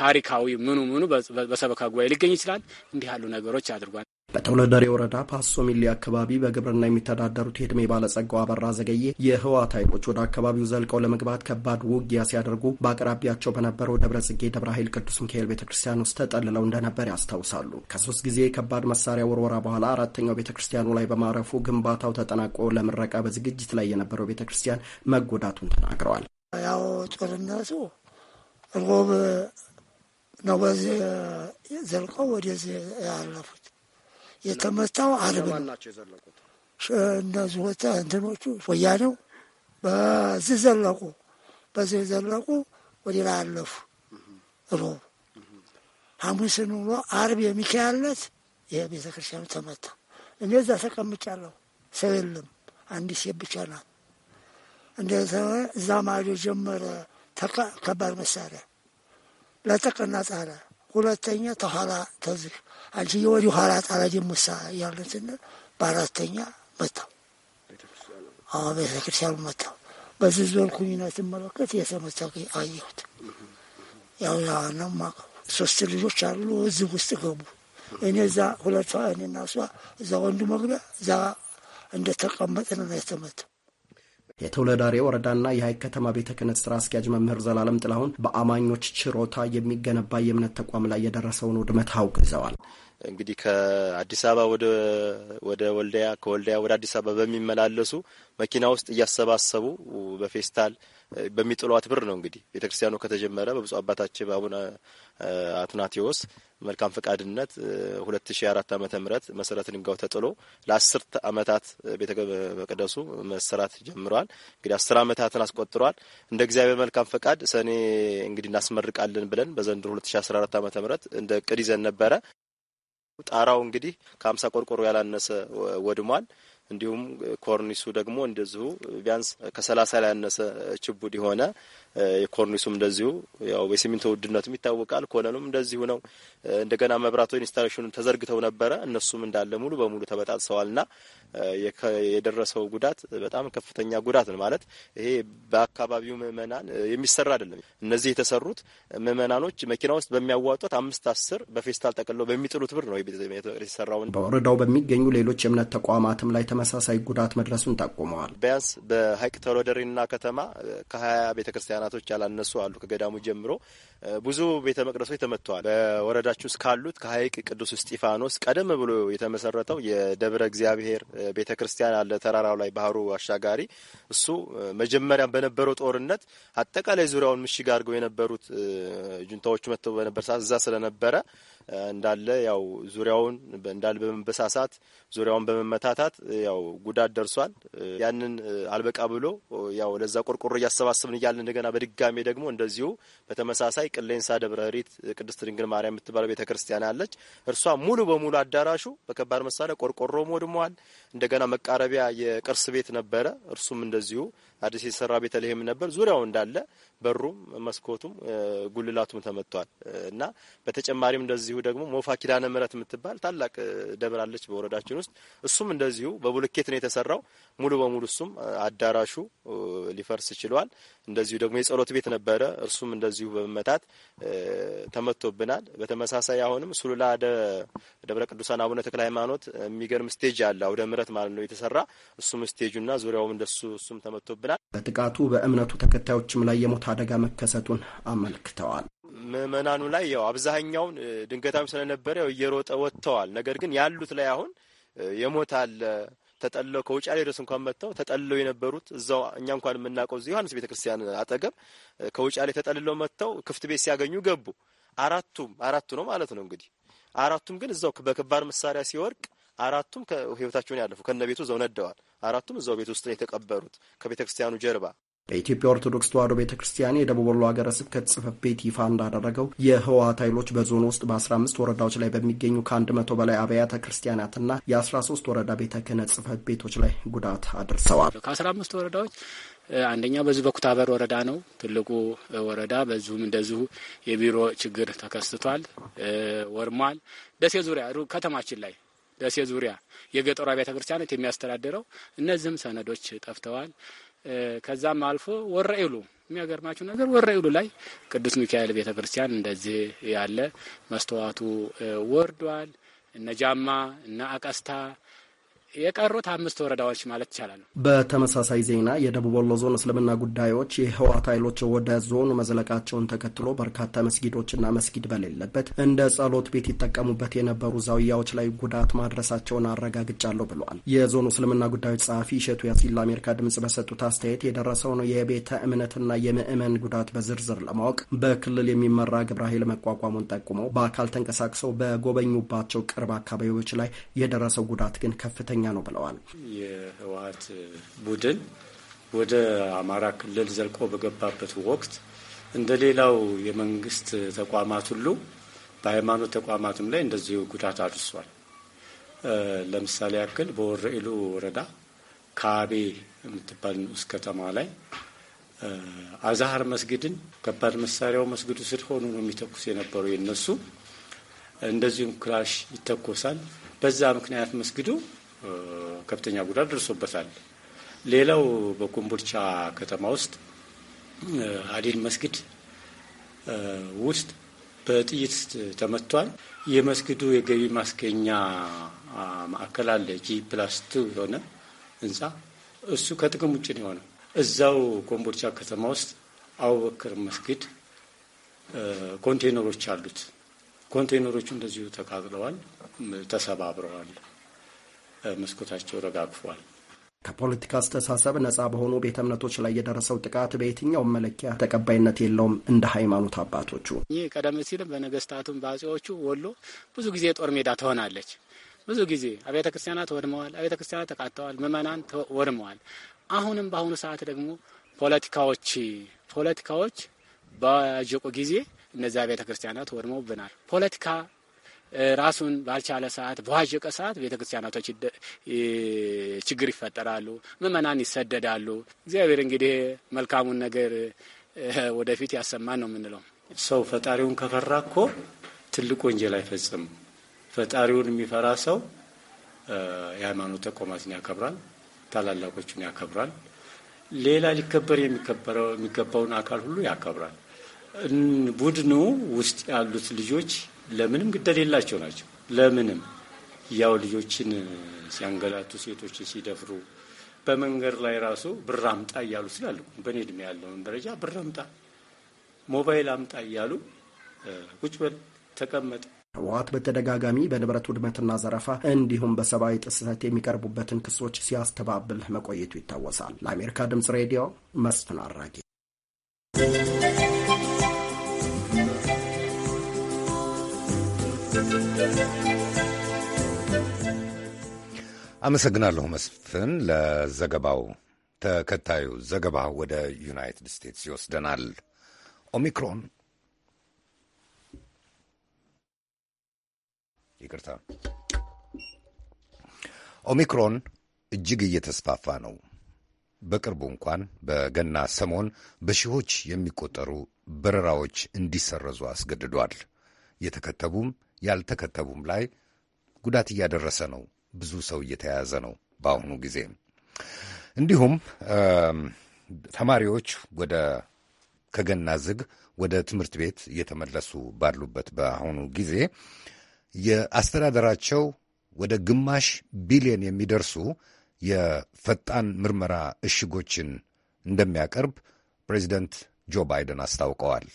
ታሪካዊ ምኑ ምኑ በሰበካ ጉባኤ ሊገኝ ይችላል። እንዲህ ያሉ ነገሮች አድርጓል። በተውለደሬ ወረዳ ፓሶ ሚሊ አካባቢ በግብርና የሚተዳደሩት የዕድሜ ባለጸጋው አበራ ዘገዬ የህወሓት ኃይሎች ወደ አካባቢው ዘልቀው ለመግባት ከባድ ውጊያ ሲያደርጉ በአቅራቢያቸው በነበረው ደብረ ጽጌ ደብረ ኃይል ቅዱስ ሚካኤል ቤተ ክርስቲያን ውስጥ ተጠልለው እንደነበር ያስታውሳሉ። ከሶስት ጊዜ ከባድ መሳሪያ ወርወራ በኋላ አራተኛው ቤተ ክርስቲያኑ ላይ በማረፉ ግንባታው ተጠናቆ ለምረቃ በዝግጅት ላይ የነበረው ቤተ ክርስቲያን መጎዳቱን ተናግረዋል። ያው ጦርነቱ ሮብ ነው። በዚህ ዘልቀው ወደዚህ ያለፉት የተመታው አርብ ነው። እነዚህ ወጣ እንትኖቹ ወያኔው በዚህ ዘለቁ በዚህ ዘለቁ ወዲላ አለፉ። ሮብ ሐሙስን ውሎ አርብ የሚካያለት ይሄ ቤተ ክርስቲያኑ ተመታ። እኔ እዛ ተቀምጫለሁ። ሰው የለም፣ አንዲት ሴት ብቻ ናት። እንደዛ እዛ ማዶ ጀመረ ከባድ መሳሪያ ለጥቅና ጣለ። ሁለተኛ ተኋላ ተዝግ አንቺ ወዲሁ ኋላ ጣላ ጀሙሳ ያለን ስንል በአራተኛ መታው አዎ ክርስቲያኑ መታው። በዚህ ዞን ኩኝነት ስመለከት የተመታ አየሁት። ያው ያዋናው ማቀው ሶስት ልጆች አሉ እዚህ ውስጥ ገቡ። እኔ እዛ ሁለቷ እኔና እሷ እዛ ወንዱ መግቢያ እዛ እንደተቀመጥን ነው የተመታው። የተውለዳሬ ወረዳና የሀይቅ ከተማ ቤተ ክህነት ስራ አስኪያጅ መምህር ዘላለም ጥላሁን በአማኞች ችሮታ የሚገነባ የእምነት ተቋም ላይ የደረሰውን ውድመት አውግዘዋል። እንግዲህ ከአዲስ አበባ ወደ ወልዲያ ከወልዲያ ወደ አዲስ አበባ በሚመላለሱ መኪና ውስጥ እያሰባሰቡ በፌስታል በሚጥሏት ብር ነው እንግዲህ ቤተክርስቲያኑ ከተጀመረ በብፁዕ አባታችን በአቡነ አትናቴዎስ መልካም ፈቃድነት 2004 ዓ ም መሰረተ ድንጋው ተጥሎ ለአስርት ዓመታት ቤተ መቅደሱ መሰራት ጀምሯል። እንግዲህ አስር ዓመታትን አስቆጥሯል። እንደ እግዚአብሔር መልካም ፈቃድ ሰኔ እንግዲህ እናስመርቃለን ብለን በዘንድሮ 2014 ዓ ም እንደ ቅድ ይዘን ነበረ። ጣራው እንግዲህ ከአምሳ ቆርቆሮ ያላነሰ ወድሟል። እንዲሁም ኮርኒሱ ደግሞ እንደዚሁ ቢያንስ ከሰላሳ ላይ ያነሰ ችቡድ የሆነ የኮርኒሱም እንደዚሁ ያው በሲሚንቶ ውድነቱም ይታወቃል። ኮለኑም እንደዚሁ ነው። እንደገና መብራቶ ኢንስታሌሽኑ ተዘርግተው ነበረ። እነሱም እንዳለ ሙሉ በሙሉ ተበጣጥሰዋልና የደረሰው ጉዳት በጣም ከፍተኛ ጉዳት ነው። ማለት ይሄ በአካባቢው ምዕመናን የሚሰራ አይደለም። እነዚህ የተሰሩት ምዕመናኖች መኪና ውስጥ በሚያዋጡት አምስት አስር በፌስታል ጠቅለው በሚጥሉት ብር ነው የተሰራው። በወረዳው በሚገኙ ሌሎች የእምነት ተቋማትም ላይ ተመሳሳይ ጉዳት መድረሱን ጠቁመዋል። ቢያንስ በሀይቅ ተሎደሪና ከተማ ከሀያ ቤተክርስቲያን ህጻናቶች ያላነሱ አሉ። ከገዳሙ ጀምሮ ብዙ ቤተ መቅደሶች ተመጥተዋል። በወረዳችሁ ውስጥ ካሉት ከሀይቅ ቅዱስ እስጢፋኖስ ቀደም ብሎ የተመሰረተው የደብረ እግዚአብሔር ቤተ ክርስቲያን አለ። ተራራው ላይ ባህሩ አሻጋሪ እሱ መጀመሪያ በነበረው ጦርነት አጠቃላይ ዙሪያውን ምሽግ አድርገው የነበሩት ጁንታዎቹ መጥተው በነበር ሰዓት እዛ ስለነበረ እንዳለ ያው ዙሪያውን እንዳለ በመበሳሳት ዙሪያውን በመመታታት ያው ጉዳት ደርሷል። ያንን አልበቃ ብሎ ያው ለዛ ቆርቆሮ እያሰባሰብን እያለ እንደገና በድጋሜ ደግሞ እንደዚሁ በተመሳሳይ ቅሌንሳ ደብረ ሪት ቅድስት ድንግል ማርያም የምትባለው ቤተ ክርስቲያን አለች። እርሷ ሙሉ በሙሉ አዳራሹ በከባድ መሳሪያ ቆርቆሮ ወድሟል። እንደገና መቃረቢያ የቅርስ ቤት ነበረ፣ እርሱም እንደዚሁ አዲስ የተሰራ ቤተልሔም ነበር። ዙሪያው እንዳለ በሩም መስኮቱም ጉልላቱም ተመቷል እና በተጨማሪም እንደዚሁ ደግሞ ሞፋ ኪዳነ ምሕረት የምትባል ታላቅ ደብር አለች በወረዳችን ውስጥ። እሱም እንደዚሁ በቡልኬት ነው የተሰራው ሙሉ በሙሉ እሱም አዳራሹ ሊፈርስ ችሏል። እንደዚሁ ደግሞ የጸሎት ቤት ነበረ፣ እርሱም እንደዚሁ በመመታት ተመቶብናል። በተመሳሳይ አሁንም ሱሉላ ደብረ ቅዱሳን አቡነ ተክለ ሃይማኖት የሚገርም ስቴጅ አለ አውደ ምሕረት ማለት ነው የተሰራ እሱም ስቴጁና ዙሪያውም እንደሱ እሱም ተመቶብናል። ይችላል። በጥቃቱ በእምነቱ ተከታዮችም ላይ የሞት አደጋ መከሰቱን አመልክተዋል። ምዕመናኑ ላይ ያው አብዛኛውን ድንገታም ስለነበረ ያው እየሮጠ ወጥተዋል። ነገር ግን ያሉት ላይ አሁን የሞት አለ ተጠለው ከውጭ ላይ ድረስ እንኳን መጥተው ተጠልለው የነበሩት እዛው እኛ እንኳን የምናውቀው እዚህ ዮሐንስ ቤተክርስቲያን አጠገብ ከውጭ ላይ ተጠልለው መጥተው ክፍት ቤት ሲያገኙ ገቡ። አራቱም አራቱ ነው ማለት ነው እንግዲህ አራቱም ግን እዛው በከባድ መሳሪያ ሲወርቅ አራቱም ህይወታቸውን ያለፉ ከነ ቤቱ እዛው ነደዋል። አራቱም እዛው ቤት ውስጥ ነው የተቀበሩት ከቤተ ክርስቲያኑ ጀርባ። በኢትዮጵያ ኦርቶዶክስ ተዋሕዶ ቤተ ክርስቲያን የደቡብ ወሎ ሀገረ ስብከት ጽሕፈት ቤት ይፋ እንዳደረገው የህወሀት ኃይሎች በዞኑ ውስጥ በ15 ወረዳዎች ላይ በሚገኙ ከ100 በላይ አብያተ ክርስቲያናትና የ13 ወረዳ ቤተ ክህነት ጽሕፈት ቤቶች ላይ ጉዳት አድርሰዋል። ከ15 ወረዳዎች አንደኛው በዚሁ በኩታበር ወረዳ ነው ትልቁ ወረዳ። በዚሁም እንደዚሁ የቢሮ ችግር ተከስቷል፣ ወርሟል። ደሴ ዙሪያ ከተማችን ላይ ደሴ ዙሪያ የገጠሩ አብያተ ክርስቲያናት የሚያስተዳድረው እነዚህም ሰነዶች ጠፍተዋል። ከዛም አልፎ ወረኢሉ የሚያገርማችሁ ነገር ወረኢሉ ላይ ቅዱስ ሚካኤል ቤተ ክርስቲያን እንደዚህ ያለ መስተዋቱ ወርዷል። እነ ጃማ እነ አቀስታ የቀሩት አምስት ወረዳዎች ማለት ይቻላል። በተመሳሳይ ዜና የደቡብ ወሎ ዞን እስልምና ጉዳዮች የህወሓት ኃይሎች ወደ ዞኑ መዝለቃቸውን ተከትሎ በርካታ መስጊዶችና መስጊድ በሌለበት እንደ ጸሎት ቤት ይጠቀሙበት የነበሩ ዛውያዎች ላይ ጉዳት ማድረሳቸውን አረጋግጫለሁ ብለዋል። የዞኑ እስልምና ጉዳዮች ጸሐፊ እሸቱ ያሲን ለአሜሪካ ድምጽ በሰጡት አስተያየት የደረሰውን የቤተ እምነትና የምዕመን ጉዳት በዝርዝር ለማወቅ በክልል የሚመራ ግብረ ኃይል መቋቋሙን ጠቁመው በአካል ተንቀሳቅሰው በጎበኙባቸው ቅርብ አካባቢዎች ላይ የደረሰው ጉዳት ግን ከፍተኛ ከፍተኛ ነው ብለዋል። የህወሀት ቡድን ወደ አማራ ክልል ዘልቆ በገባበት ወቅት እንደ ሌላው የመንግስት ተቋማት ሁሉ በሃይማኖት ተቋማትም ላይ እንደዚሁ ጉዳት አድርሷል። ለምሳሌ ያክል በወረኢሉ ወረዳ ከአቤ የምትባል ንዑስ ከተማ ላይ አዛሃር መስጊድን ከባድ መሳሪያው መስጊዱ ስር ሆኖ ነው የሚተኩስ የነበሩ የነሱ። እንደዚሁም ክላሽ ይተኮሳል። በዛ ምክንያት መስጊዱ ከፍተኛ ጉዳት ደርሶበታል። ሌላው በኮምቦልቻ ከተማ ውስጥ አዲል መስጊድ ውስጥ በጥይት ተመቷል። የመስጊዱ የገቢ ማስገኛ ማዕከል አለ፣ ጂ ፕላስ ቱ የሆነ ህንፃ እሱ ከጥቅም ውጭ ነው የሆነው። እዛው ኮምቦልቻ ከተማ ውስጥ አቡበክር መስጊድ ኮንቴይነሮች አሉት። ኮንቴይነሮቹ እንደዚሁ ተቃጥለዋል፣ ተሰባብረዋል። መስኮታቸው ረጋግፏል። ከፖለቲካ አስተሳሰብ ነጻ በሆኑ ቤተ እምነቶች ላይ የደረሰው ጥቃት በየትኛውም መለኪያ ተቀባይነት የለውም። እንደ ሃይማኖት አባቶቹ ይህ ቀደም ሲል በነገስታቱም በአጼዎቹ ወሎ ብዙ ጊዜ የጦር ሜዳ ትሆናለች። ብዙ ጊዜ አብያተ ክርስቲያናት ወድመዋል፣ አብያተ ክርስቲያናት ተቃጥተዋል፣ ምዕመናን ወድመዋል። አሁንም በአሁኑ ሰዓት ደግሞ ፖለቲካዎች ፖለቲካዎች ባጀቁ ጊዜ እነዚያ ቤተ ክርስቲያናት ወድመውብናል። ፖለቲካ ራሱን ባልቻለ ሰዓት በዋዠቀ ሰዓት ቤተ ክርስቲያናቶች ችግር ይፈጠራሉ፣ ምእመናን ይሰደዳሉ። እግዚአብሔር እንግዲህ መልካሙን ነገር ወደፊት ያሰማን ነው የምንለው። ሰው ፈጣሪውን ከፈራ እኮ ትልቅ ወንጀል አይፈጽም። ፈጣሪውን የሚፈራ ሰው የሃይማኖት ተቋማትን ያከብራል፣ ታላላቆቹን ያከብራል፣ ሌላ ሊከበር የሚከበረው የሚገባውን አካል ሁሉ ያከብራል። ቡድኑ ውስጥ ያሉት ልጆች ለምንም ግደል የላቸው ናቸው። ለምንም ያው ልጆችን ሲያንገላቱ፣ ሴቶችን ሲደፍሩ በመንገድ ላይ ራሱ ብር አምጣ እያሉ ስላሉ በእኔ እድሜ ያለውን ደረጃ ብር አምጣ፣ ሞባይል አምጣ እያሉ ቁጭ በል ተቀመጥ ህወሀት በተደጋጋሚ በንብረት ውድመትና ዘረፋ እንዲሁም በሰብአዊ ጥሰት የሚቀርቡበትን ክሶች ሲያስተባብል መቆየቱ ይታወሳል። ለአሜሪካ ድምጽ ሬዲዮ መስፍን አራጌ አመሰግናለሁ መስፍን ለዘገባው። ተከታዩ ዘገባ ወደ ዩናይትድ ስቴትስ ይወስደናል። ኦሚክሮን ይቅርታ፣ ኦሚክሮን እጅግ እየተስፋፋ ነው። በቅርቡ እንኳን በገና ሰሞን በሺዎች የሚቆጠሩ በረራዎች እንዲሰረዙ አስገድዷል። የተከተቡም ያልተከተቡም ላይ ጉዳት እያደረሰ ነው። ብዙ ሰው እየተያያዘ ነው በአሁኑ ጊዜ። እንዲሁም ተማሪዎች ወደ ከገና ዝግ ወደ ትምህርት ቤት እየተመለሱ ባሉበት በአሁኑ ጊዜ የአስተዳደራቸው ወደ ግማሽ ቢሊየን የሚደርሱ የፈጣን ምርመራ እሽጎችን እንደሚያቀርብ ፕሬዚደንት ጆ ባይደን አስታውቀዋል።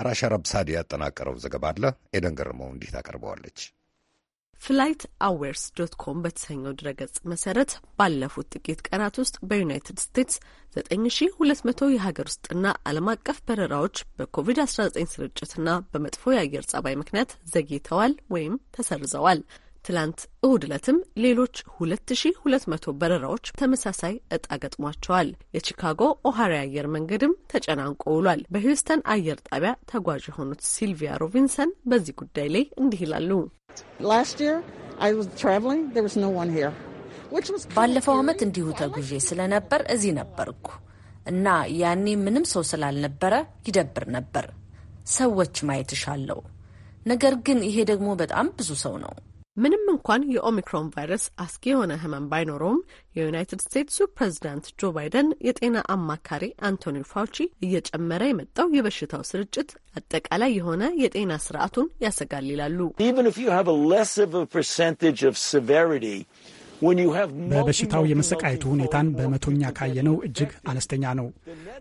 አራሻ ረብሳድ ያጠናቀረው ዘገባ አለ። ኤደን ገርመው እንዲህ ታቀርበዋለች። ፍላይት አዌርስ ዶት ኮም በተሰኘው ድረገጽ መሰረት ባለፉት ጥቂት ቀናት ውስጥ በዩናይትድ ስቴትስ 9200 የሀገር ውስጥና ዓለም አቀፍ በረራዎች በኮቪድ-19 ስርጭትና በመጥፎ የአየር ጸባይ ምክንያት ዘግይተዋል ወይም ተሰርዘዋል። ትላንት እሁድ ዕለትም ሌሎች 2200 በረራዎች ተመሳሳይ እጣ ገጥሟቸዋል። የቺካጎ ኦሃሪ አየር መንገድም ተጨናንቆ ውሏል። በሂውስተን አየር ጣቢያ ተጓዥ የሆኑት ሲልቪያ ሮቢንሰን በዚህ ጉዳይ ላይ እንዲህ ይላሉ። ባለፈው ዓመት እንዲሁ ተጉዤ ስለነበር እዚህ ነበርኩ እና ያኔ ምንም ሰው ስላልነበረ ይደብር ነበር። ሰዎች ማየት እሻለው፣ ነገር ግን ይሄ ደግሞ በጣም ብዙ ሰው ነው። ምንም እንኳን የኦሚክሮን ቫይረስ አስጊ የሆነ ህመም ባይኖረውም የዩናይትድ ስቴትሱ ፕሬዚዳንት ጆ ባይደን የጤና አማካሪ አንቶኒ ፋውቺ እየጨመረ የመጣው የበሽታው ስርጭት አጠቃላይ የሆነ የጤና ስርዓቱን ያሰጋል ይላሉ። በበሽታው የመሰቃየቱ ሁኔታን በመቶኛ ካየነው እጅግ አነስተኛ ነው።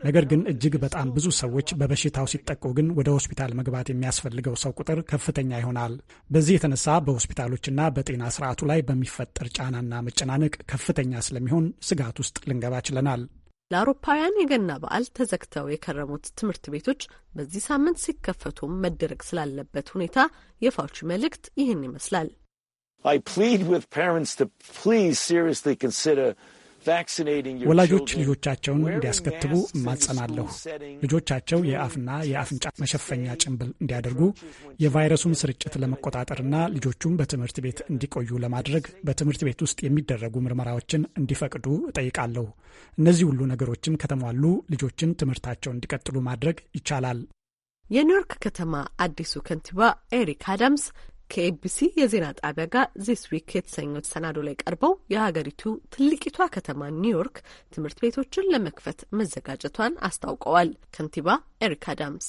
ነገር ግን እጅግ በጣም ብዙ ሰዎች በበሽታው ሲጠቁ ግን ወደ ሆስፒታል መግባት የሚያስፈልገው ሰው ቁጥር ከፍተኛ ይሆናል። በዚህ የተነሳ በሆስፒታሎችና በጤና ስርዓቱ ላይ በሚፈጠር ጫናና መጨናነቅ ከፍተኛ ስለሚሆን ስጋት ውስጥ ልንገባ ችለናል። ለአውሮፓውያን የገና በዓል ተዘግተው የከረሙት ትምህርት ቤቶች በዚህ ሳምንት ሲከፈቱም መደረግ ስላለበት ሁኔታ የፋውቺ መልእክት ይህን ይመስላል። ወላጆች ልጆቻቸውን እንዲያስከትቡ እማጸናለሁ። ልጆቻቸው የአፍና የአፍንጫ መሸፈኛ ጭንብል እንዲያደርጉ የቫይረሱን ስርጭት ለመቆጣጠርና ልጆቹም በትምህርት ቤት እንዲቆዩ ለማድረግ በትምህርት ቤት ውስጥ የሚደረጉ ምርመራዎችን እንዲፈቅዱ እጠይቃለሁ። እነዚህ ሁሉ ነገሮችም ከተሟሉ ልጆችን ትምህርታቸውን እንዲቀጥሉ ማድረግ ይቻላል። የኒውዮርክ ከተማ አዲሱ ከንቲባ ኤሪክ አዳምስ ከኤቢሲ የዜና ጣቢያ ጋር ዚስ ዊክ የተሰኘው ተሰናዶ ላይ ቀርበው የሀገሪቱ ትልቂቷ ከተማ ኒውዮርክ ትምህርት ቤቶችን ለመክፈት መዘጋጀቷን አስታውቀዋል። ከንቲባ ኤሪክ አዳምስ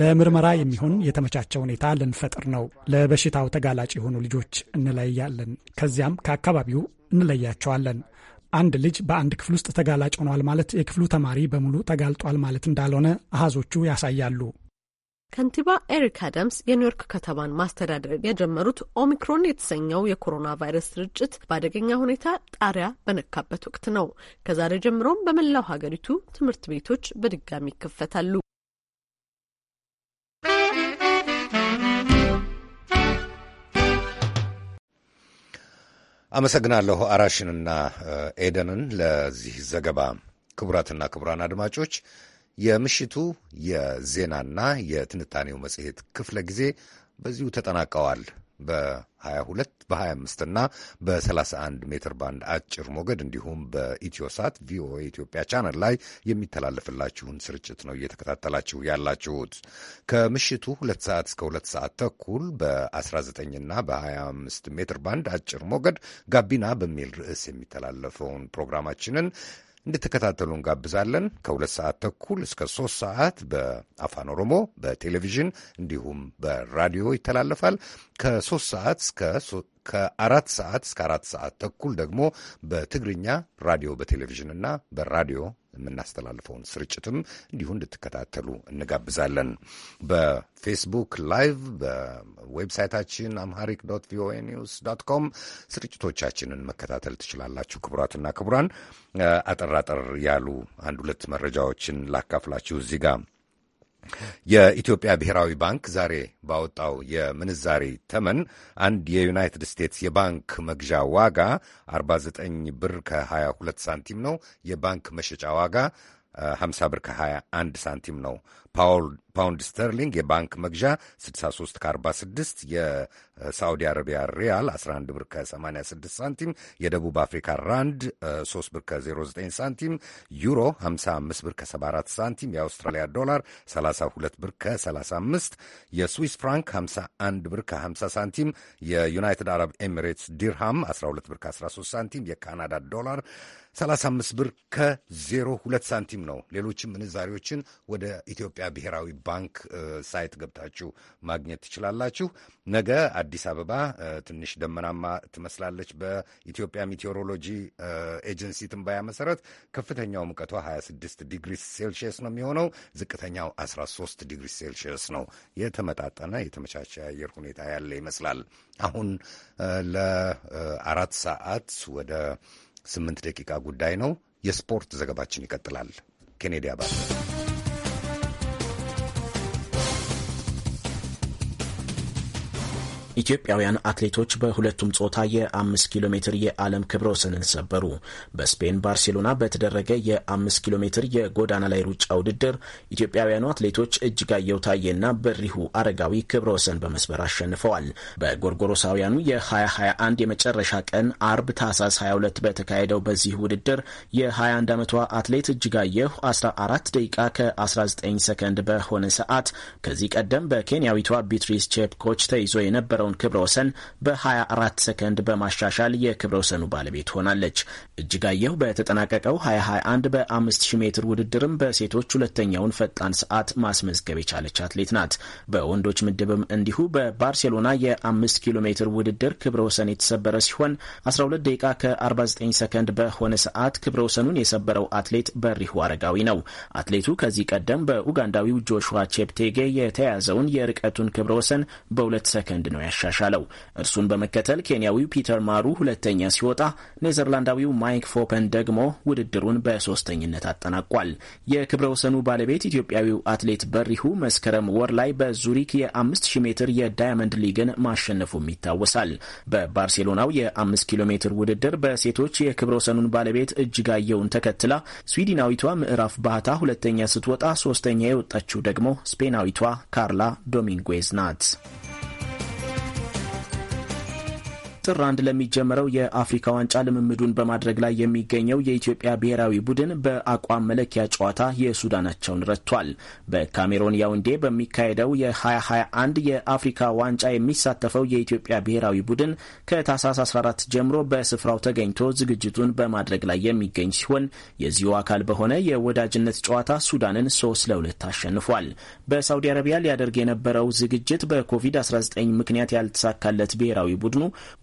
ለምርመራ የሚሆን የተመቻቸ ሁኔታ ልንፈጥር ነው። ለበሽታው ተጋላጭ የሆኑ ልጆች እንለያለን፣ ከዚያም ከአካባቢው እንለያቸዋለን። አንድ ልጅ በአንድ ክፍል ውስጥ ተጋላጭ ሆኗል ማለት የክፍሉ ተማሪ በሙሉ ተጋልጧል ማለት እንዳልሆነ አሃዞቹ ያሳያሉ። ከንቲባ ኤሪክ አዳምስ የኒውዮርክ ከተማን ማስተዳደር የጀመሩት ኦሚክሮን የተሰኘው የኮሮና ቫይረስ ስርጭት በአደገኛ ሁኔታ ጣሪያ በነካበት ወቅት ነው። ከዛሬ ጀምሮም በመላው ሀገሪቱ ትምህርት ቤቶች በድጋሚ ይከፈታሉ። አመሰግናለሁ አራሽንና ኤደንን ለዚህ ዘገባ። ክቡራትና ክቡራን አድማጮች የምሽቱ የዜናና የትንታኔው መጽሔት ክፍለ ጊዜ በዚሁ ተጠናቀዋል። በ22 በ25 እና በ31 ሜትር ባንድ አጭር ሞገድ እንዲሁም በኢትዮሳት ቪኦኤ ኢትዮጵያ ቻናል ላይ የሚተላለፍላችሁን ስርጭት ነው እየተከታተላችሁ ያላችሁት። ከምሽቱ ሁለት ሰዓት እስከ ሁለት ሰዓት ተኩል በ19 እና በ25 ሜትር ባንድ አጭር ሞገድ ጋቢና በሚል ርዕስ የሚተላለፈውን ፕሮግራማችንን እንድትከታተሉ እንጋብዛለን። ከሁለት ሰዓት ተኩል እስከ ሶስት ሰዓት በአፋን ኦሮሞ በቴሌቪዥን እንዲሁም በራዲዮ ይተላለፋል። ከሶስት ሰዓት ከአራት ሰዓት እስከ አራት ሰዓት ተኩል ደግሞ በትግርኛ ራዲዮ በቴሌቪዥንና በራዲዮ የምናስተላልፈውን ስርጭትም እንዲሁ እንድትከታተሉ እንጋብዛለን። በፌስቡክ ላይቭ፣ በዌብሳይታችን አምሃሪክ ዶት ቪኦኤ ኒውስ ዶት ኮም ስርጭቶቻችንን መከታተል ትችላላችሁ። ክቡራትና ክቡራን፣ አጠር አጠር ያሉ አንድ ሁለት መረጃዎችን ላካፍላችሁ እዚህ ጋር የኢትዮጵያ ብሔራዊ ባንክ ዛሬ ባወጣው የምንዛሬ ተመን አንድ የዩናይትድ ስቴትስ የባንክ መግዣ ዋጋ 49 ብር ከ22 ሳንቲም ነው። የባንክ መሸጫ ዋጋ 50 ብር ከ21 ሳንቲም ነው። ፓውንድ ስተርሊንግ የባንክ መግዣ 63 ከ46፣ የሳዑዲ አረቢያ ሪያል 11 ብር ከ86 ሳንቲም፣ የደቡብ አፍሪካ ራንድ 3 ብር ከ09 ሳንቲም፣ ዩሮ 55 ብር ከ74 ሳንቲም፣ የአውስትራሊያ ዶላር 32 ብር ከ35፣ የስዊስ ፍራንክ 51 ብር ከ50 ሳንቲም፣ የዩናይትድ አረብ ኤሚሬትስ ዲርሃም 12 ብር ከ13 ሳንቲም፣ የካናዳ ዶላር 35 ብር ከ02 ሳንቲም ነው። ሌሎችም ምንዛሪዎችን ወደ ኢትዮጵያ የኢትዮጵያ ብሔራዊ ባንክ ሳይት ገብታችሁ ማግኘት ትችላላችሁ። ነገ አዲስ አበባ ትንሽ ደመናማ ትመስላለች። በኢትዮጵያ ሚቴዎሮሎጂ ኤጀንሲ ትንባያ መሰረት ከፍተኛው ሙቀቷ 26 ዲግሪ ሴልሺየስ ነው የሚሆነው። ዝቅተኛው 13 ዲግሪ ሴልሺየስ ነው። የተመጣጠነ የተመቻቸ አየር ሁኔታ ያለ ይመስላል። አሁን ለአራት ሰዓት ወደ ስምንት ደቂቃ ጉዳይ ነው። የስፖርት ዘገባችን ይቀጥላል። ኬኔዲ አባተ ኢትዮጵያውያን አትሌቶች በሁለቱም ጾታ የአምስት ኪሎ ሜትር የዓለም ክብረ ወሰንን ሰበሩ። በስፔን ባርሴሎና በተደረገ የአምስት ኪሎ ሜትር የጎዳና ላይ ሩጫ ውድድር ኢትዮጵያውያኑ አትሌቶች እጅጋየው ታዬና በሪሁ አረጋዊ ክብረ ወሰን በመስበር አሸንፈዋል። በጎርጎሮሳውያኑ የ2021 የመጨረሻ ቀን አርብ ታህሳስ 22 በተካሄደው በዚህ ውድድር የ21 ዓመቷ አትሌት እጅጋየሁ 14 ደቂቃ ከ19 ሰከንድ በሆነ ሰዓት ከዚህ ቀደም በኬንያዊቷ ቢትሪስ ቼፕኮች ተይዞ የነበረ የነበረውን ክብረ ወሰን በ24 ሰከንድ በማሻሻል የክብረ ወሰኑ ባለቤት ሆናለች። እጅጋየሁ በተጠናቀቀው 2021 በ5000 ሜትር ውድድርም በሴቶች ሁለተኛውን ፈጣን ሰዓት ማስመዝገብ የቻለች አትሌት ናት። በወንዶች ምድብም እንዲሁ በባርሴሎና የ5 ኪሎ ሜትር ውድድር ክብረ ወሰን የተሰበረ ሲሆን 12 ደቂቃ ከ49 ሰከንድ በሆነ ሰዓት ክብረ ወሰኑን የሰበረው አትሌት በሪሁ አረጋዊ ነው። አትሌቱ ከዚህ ቀደም በኡጋንዳዊው ጆሹዋ ቼፕቴጌ የተያዘውን የርቀቱን ክብረ ወሰን በሁለት ሰከንድ ነው ያሻሻለው። እርሱን በመከተል ኬንያዊው ፒተር ማሩ ሁለተኛ ሲወጣ፣ ኔዘርላንዳዊው ማይክ ፎፐን ደግሞ ውድድሩን በሶስተኝነት አጠናቋል። የክብረ ወሰኑ ባለቤት ኢትዮጵያዊው አትሌት በሪሁ መስከረም ወር ላይ በዙሪክ የ5000 ሜትር የዳያመንድ ሊግን ማሸነፉም ይታወሳል። በባርሴሎናው የ5 ኪሎ ሜትር ውድድር በሴቶች የክብረ ወሰኑን ባለቤት እጅጋየውን ተከትላ ስዊድናዊቷ ምዕራፍ ባህታ ሁለተኛ ስትወጣ፣ ሶስተኛ የወጣችው ደግሞ ስፔናዊቷ ካርላ ዶሚንጉዌዝ ናት። ጥር አንድ ለሚጀምረው የአፍሪካ ዋንጫ ልምምዱን በማድረግ ላይ የሚገኘው የኢትዮጵያ ብሔራዊ ቡድን በአቋም መለኪያ ጨዋታ የሱዳናቸውን ረቷል። በካሜሮን ያውንዴ በሚካሄደው የ2021 የአፍሪካ ዋንጫ የሚሳተፈው የኢትዮጵያ ብሔራዊ ቡድን ከታህሳስ 14 ጀምሮ በስፍራው ተገኝቶ ዝግጅቱን በማድረግ ላይ የሚገኝ ሲሆን የዚሁ አካል በሆነ የወዳጅነት ጨዋታ ሱዳንን 3 ለ2 አሸንፏል። በሳውዲ አረቢያ ሊያደርግ የነበረው ዝግጅት በኮቪድ-19 ምክንያት ያልተሳካለት ብሔራዊ ቡድኑ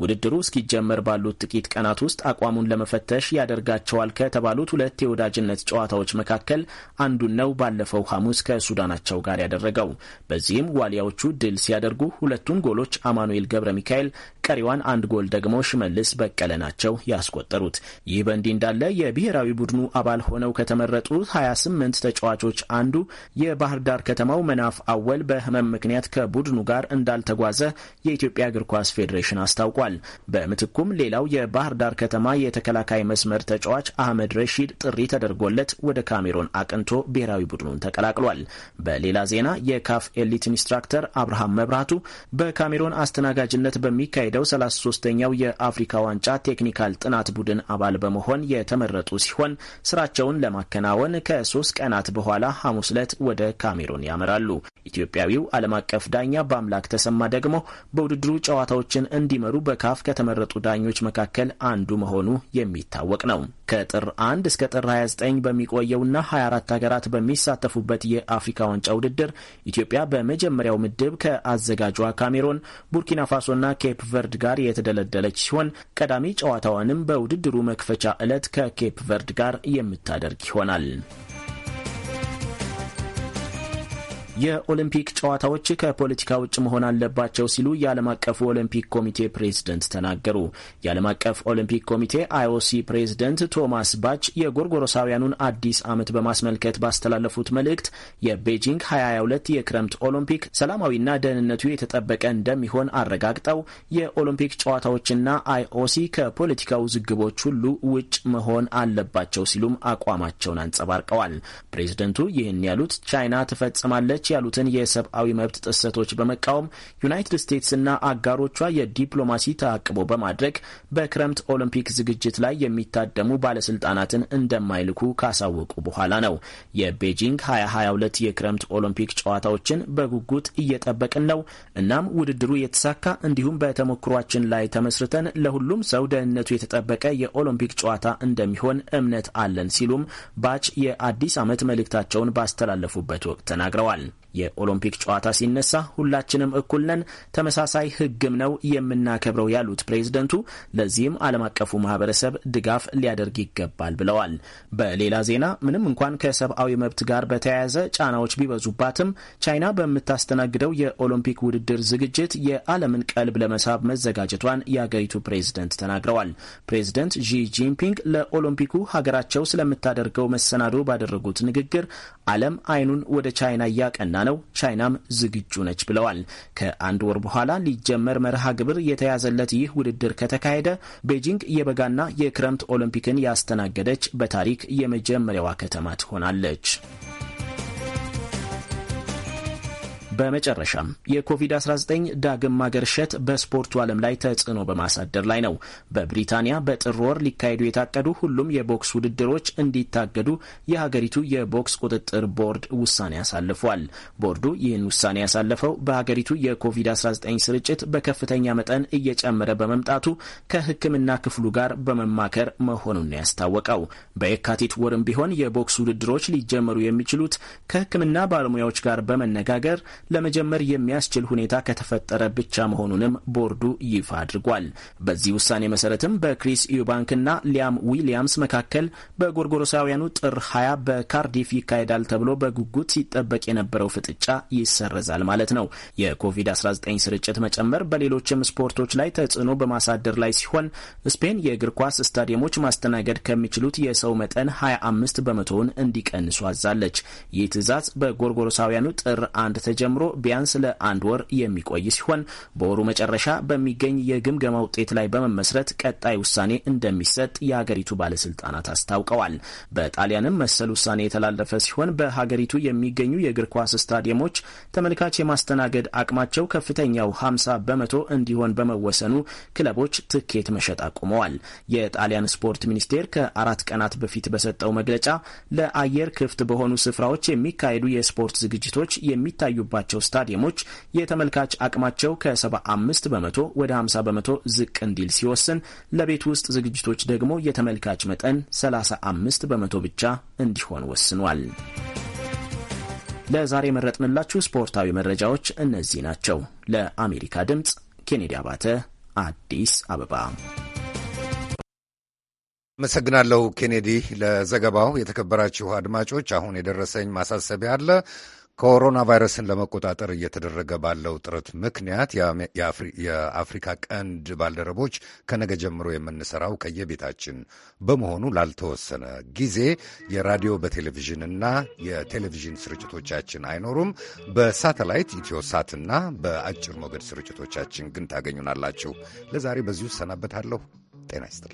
ውድድሩ እስኪጀመር ባሉት ጥቂት ቀናት ውስጥ አቋሙን ለመፈተሽ ያደርጋቸዋል ከተባሉት ሁለት የወዳጅነት ጨዋታዎች መካከል አንዱን ነው ባለፈው ሐሙስ ከሱዳናቸው ጋር ያደረገው። በዚህም ዋሊያዎቹ ድል ሲያደርጉ ሁለቱን ጎሎች አማኑኤል ገብረ ሚካኤል፣ ቀሪዋን አንድ ጎል ደግሞ ሽመልስ በቀለ ናቸው ያስቆጠሩት። ይህ በእንዲህ እንዳለ የብሔራዊ ቡድኑ አባል ሆነው ከተመረጡት 28 ተጫዋቾች አንዱ የባህር ዳር ከተማው መናፍ አወል በህመም ምክንያት ከቡድኑ ጋር እንዳልተጓዘ የኢትዮጵያ እግር ኳስ ፌዴሬሽን አስታውቋል። በምትኩም ሌላው የባህር ዳር ከተማ የተከላካይ መስመር ተጫዋች አህመድ ረሺድ ጥሪ ተደርጎለት ወደ ካሜሮን አቅንቶ ብሔራዊ ቡድኑን ተቀላቅሏል። በሌላ ዜና የካፍ ኤሊት ኢንስትራክተር አብርሃም መብራቱ በካሜሮን አስተናጋጅነት በሚካሄደው 33ኛው የአፍሪካ ዋንጫ ቴክኒካል ጥናት ቡድን አባል በመሆን የተመረጡ ሲሆን ስራቸውን ለማከናወን ከሶስት ቀናት በኋላ ሐሙስ ዕለት ወደ ካሜሮን ያመራሉ። ኢትዮጵያዊው ዓለም አቀፍ ዳኛ በአምላክ ተሰማ ደግሞ በውድድሩ ጨዋታዎችን እንዲመሩ በካ ካፍ ከተመረጡ ዳኞች መካከል አንዱ መሆኑ የሚታወቅ ነው። ከጥር 1 እስከ ጥር 29 በሚቆየውና 24 ሀገራት በሚሳተፉበት የአፍሪካ ዋንጫ ውድድር ኢትዮጵያ በመጀመሪያው ምድብ ከአዘጋጇ ካሜሮን፣ ቡርኪና ፋሶና ኬፕ ቨርድ ጋር የተደለደለች ሲሆን ቀዳሚ ጨዋታዋንም በውድድሩ መክፈቻ ዕለት ከኬፕ ቨርድ ጋር የምታደርግ ይሆናል። የኦሎምፒክ ጨዋታዎች ከፖለቲካ ውጭ መሆን አለባቸው ሲሉ የዓለም አቀፉ ኦሎምፒክ ኮሚቴ ፕሬዝደንት ተናገሩ። የዓለም አቀፍ ኦሎምፒክ ኮሚቴ አይኦሲ ፕሬዝደንት ቶማስ ባች የጎርጎሮሳውያኑን አዲስ ዓመት በማስመልከት ባስተላለፉት መልእክት የቤጂንግ 2022 የክረምት ኦሎምፒክ ሰላማዊና ደህንነቱ የተጠበቀ እንደሚሆን አረጋግጠው የኦሎምፒክ ጨዋታዎችና አይኦሲ ከፖለቲካ ውዝግቦች ሁሉ ውጭ መሆን አለባቸው ሲሉም አቋማቸውን አንጸባርቀዋል። ፕሬዝደንቱ ይህን ያሉት ቻይና ትፈጽማለች ያሉትን የሰብአዊ መብት ጥሰቶች በመቃወም ዩናይትድ ስቴትስና አጋሮቿ የዲፕሎማሲ ተአቅቦ በማድረግ በክረምት ኦሎምፒክ ዝግጅት ላይ የሚታደሙ ባለስልጣናትን እንደማይልኩ ካሳወቁ በኋላ ነው። የቤጂንግ 2022 የክረምት ኦሎምፒክ ጨዋታዎችን በጉጉት እየጠበቅን ነው። እናም ውድድሩ የተሳካ እንዲሁም በተሞክሯችን ላይ ተመስርተን ለሁሉም ሰው ደህንነቱ የተጠበቀ የኦሎምፒክ ጨዋታ እንደሚሆን እምነት አለን ሲሉም ባች የአዲስ ዓመት መልእክታቸውን ባስተላለፉበት ወቅት ተናግረዋል። የኦሎምፒክ ጨዋታ ሲነሳ ሁላችንም እኩል ነን፣ ተመሳሳይ ህግም ነው የምናከብረው ያሉት ፕሬዝደንቱ ለዚህም ዓለም አቀፉ ማህበረሰብ ድጋፍ ሊያደርግ ይገባል ብለዋል። በሌላ ዜና ምንም እንኳን ከሰብአዊ መብት ጋር በተያያዘ ጫናዎች ቢበዙባትም ቻይና በምታስተናግደው የኦሎምፒክ ውድድር ዝግጅት የዓለምን ቀልብ ለመሳብ መዘጋጀቷን የአገሪቱ ፕሬዝደንት ተናግረዋል። ፕሬዝደንት ዢ ጂንፒንግ ለኦሎምፒኩ ሀገራቸው ስለምታደርገው መሰናዶ ባደረጉት ንግግር ዓለም አይኑን ወደ ቻይና እያቀና ነው ነው። ቻይናም ዝግጁ ነች ብለዋል። ከአንድ ወር በኋላ ሊጀመር መርሃ ግብር የተያዘለት ይህ ውድድር ከተካሄደ ቤጂንግ የበጋና የክረምት ኦሎምፒክን ያስተናገደች በታሪክ የመጀመሪያዋ ከተማ ትሆናለች። በመጨረሻም የኮቪድ-19 ዳግም ማገርሸት በስፖርቱ ዓለም ላይ ተጽዕኖ በማሳደር ላይ ነው። በብሪታንያ በጥር ወር ሊካሄዱ የታቀዱ ሁሉም የቦክስ ውድድሮች እንዲታገዱ የሀገሪቱ የቦክስ ቁጥጥር ቦርድ ውሳኔ አሳልፏል። ቦርዱ ይህን ውሳኔ ያሳለፈው በሀገሪቱ የኮቪድ-19 ስርጭት በከፍተኛ መጠን እየጨመረ በመምጣቱ ከሕክምና ክፍሉ ጋር በመማከር መሆኑን ያስታወቀው። በየካቲት ወርም ቢሆን የቦክስ ውድድሮች ሊጀመሩ የሚችሉት ከሕክምና ባለሙያዎች ጋር በመነጋገር ለመጀመር የሚያስችል ሁኔታ ከተፈጠረ ብቻ መሆኑንም ቦርዱ ይፋ አድርጓል። በዚህ ውሳኔ መሰረትም በክሪስ ዩባንክና ሊያም ዊሊያምስ መካከል በጎርጎሮሳውያኑ ጥር 20 በካርዲፍ ይካሄዳል ተብሎ በጉጉት ሲጠበቅ የነበረው ፍጥጫ ይሰረዛል ማለት ነው። የኮቪድ-19 ስርጭት መጨመር በሌሎችም ስፖርቶች ላይ ተጽዕኖ በማሳደር ላይ ሲሆን ስፔን የእግር ኳስ ስታዲየሞች ማስተናገድ ከሚችሉት የሰው መጠን 25 በመቶውን እንዲቀንሱ አዛለች። ይህ ትዕዛዝ በጎርጎሮሳውያኑ ጥር አንድ ተጀምሮ ጨምሮ ቢያንስ ለአንድ ወር የሚቆይ ሲሆን በወሩ መጨረሻ በሚገኝ የግምገማ ውጤት ላይ በመመስረት ቀጣይ ውሳኔ እንደሚሰጥ የሀገሪቱ ባለስልጣናት አስታውቀዋል። በጣሊያንም መሰል ውሳኔ የተላለፈ ሲሆን በሀገሪቱ የሚገኙ የእግር ኳስ ስታዲየሞች ተመልካች የማስተናገድ አቅማቸው ከፍተኛው 50 በመቶ እንዲሆን በመወሰኑ ክለቦች ትኬት መሸጥ አቁመዋል። የጣሊያን ስፖርት ሚኒስቴር ከአራት ቀናት በፊት በሰጠው መግለጫ ለአየር ክፍት በሆኑ ስፍራዎች የሚካሄዱ የስፖርት ዝግጅቶች የሚታዩባቸው ባላቸው ስታዲየሞች የተመልካች አቅማቸው ከ75 በመቶ ወደ 50 በመቶ ዝቅ እንዲል ሲወስን፣ ለቤት ውስጥ ዝግጅቶች ደግሞ የተመልካች መጠን 35 በመቶ ብቻ እንዲሆን ወስኗል። ለዛሬ የመረጥንላችሁ ስፖርታዊ መረጃዎች እነዚህ ናቸው። ለአሜሪካ ድምፅ ኬኔዲ አባተ፣ አዲስ አበባ። አመሰግናለሁ ኬኔዲ ለዘገባው። የተከበራችሁ አድማጮች፣ አሁን የደረሰኝ ማሳሰቢያ አለ። ኮሮና ቫይረስን ለመቆጣጠር እየተደረገ ባለው ጥረት ምክንያት የአፍሪካ ቀንድ ባልደረቦች ከነገ ጀምሮ የምንሰራው ከየቤታችን በመሆኑ ላልተወሰነ ጊዜ የራዲዮ በቴሌቪዥንና የቴሌቪዥን ስርጭቶቻችን አይኖሩም። በሳተላይት ኢትዮሳትና በአጭር ሞገድ ስርጭቶቻችን ግን ታገኙናላችሁ። ለዛሬ በዚሁ እሰናበታለሁ። ጤና ይስጥል።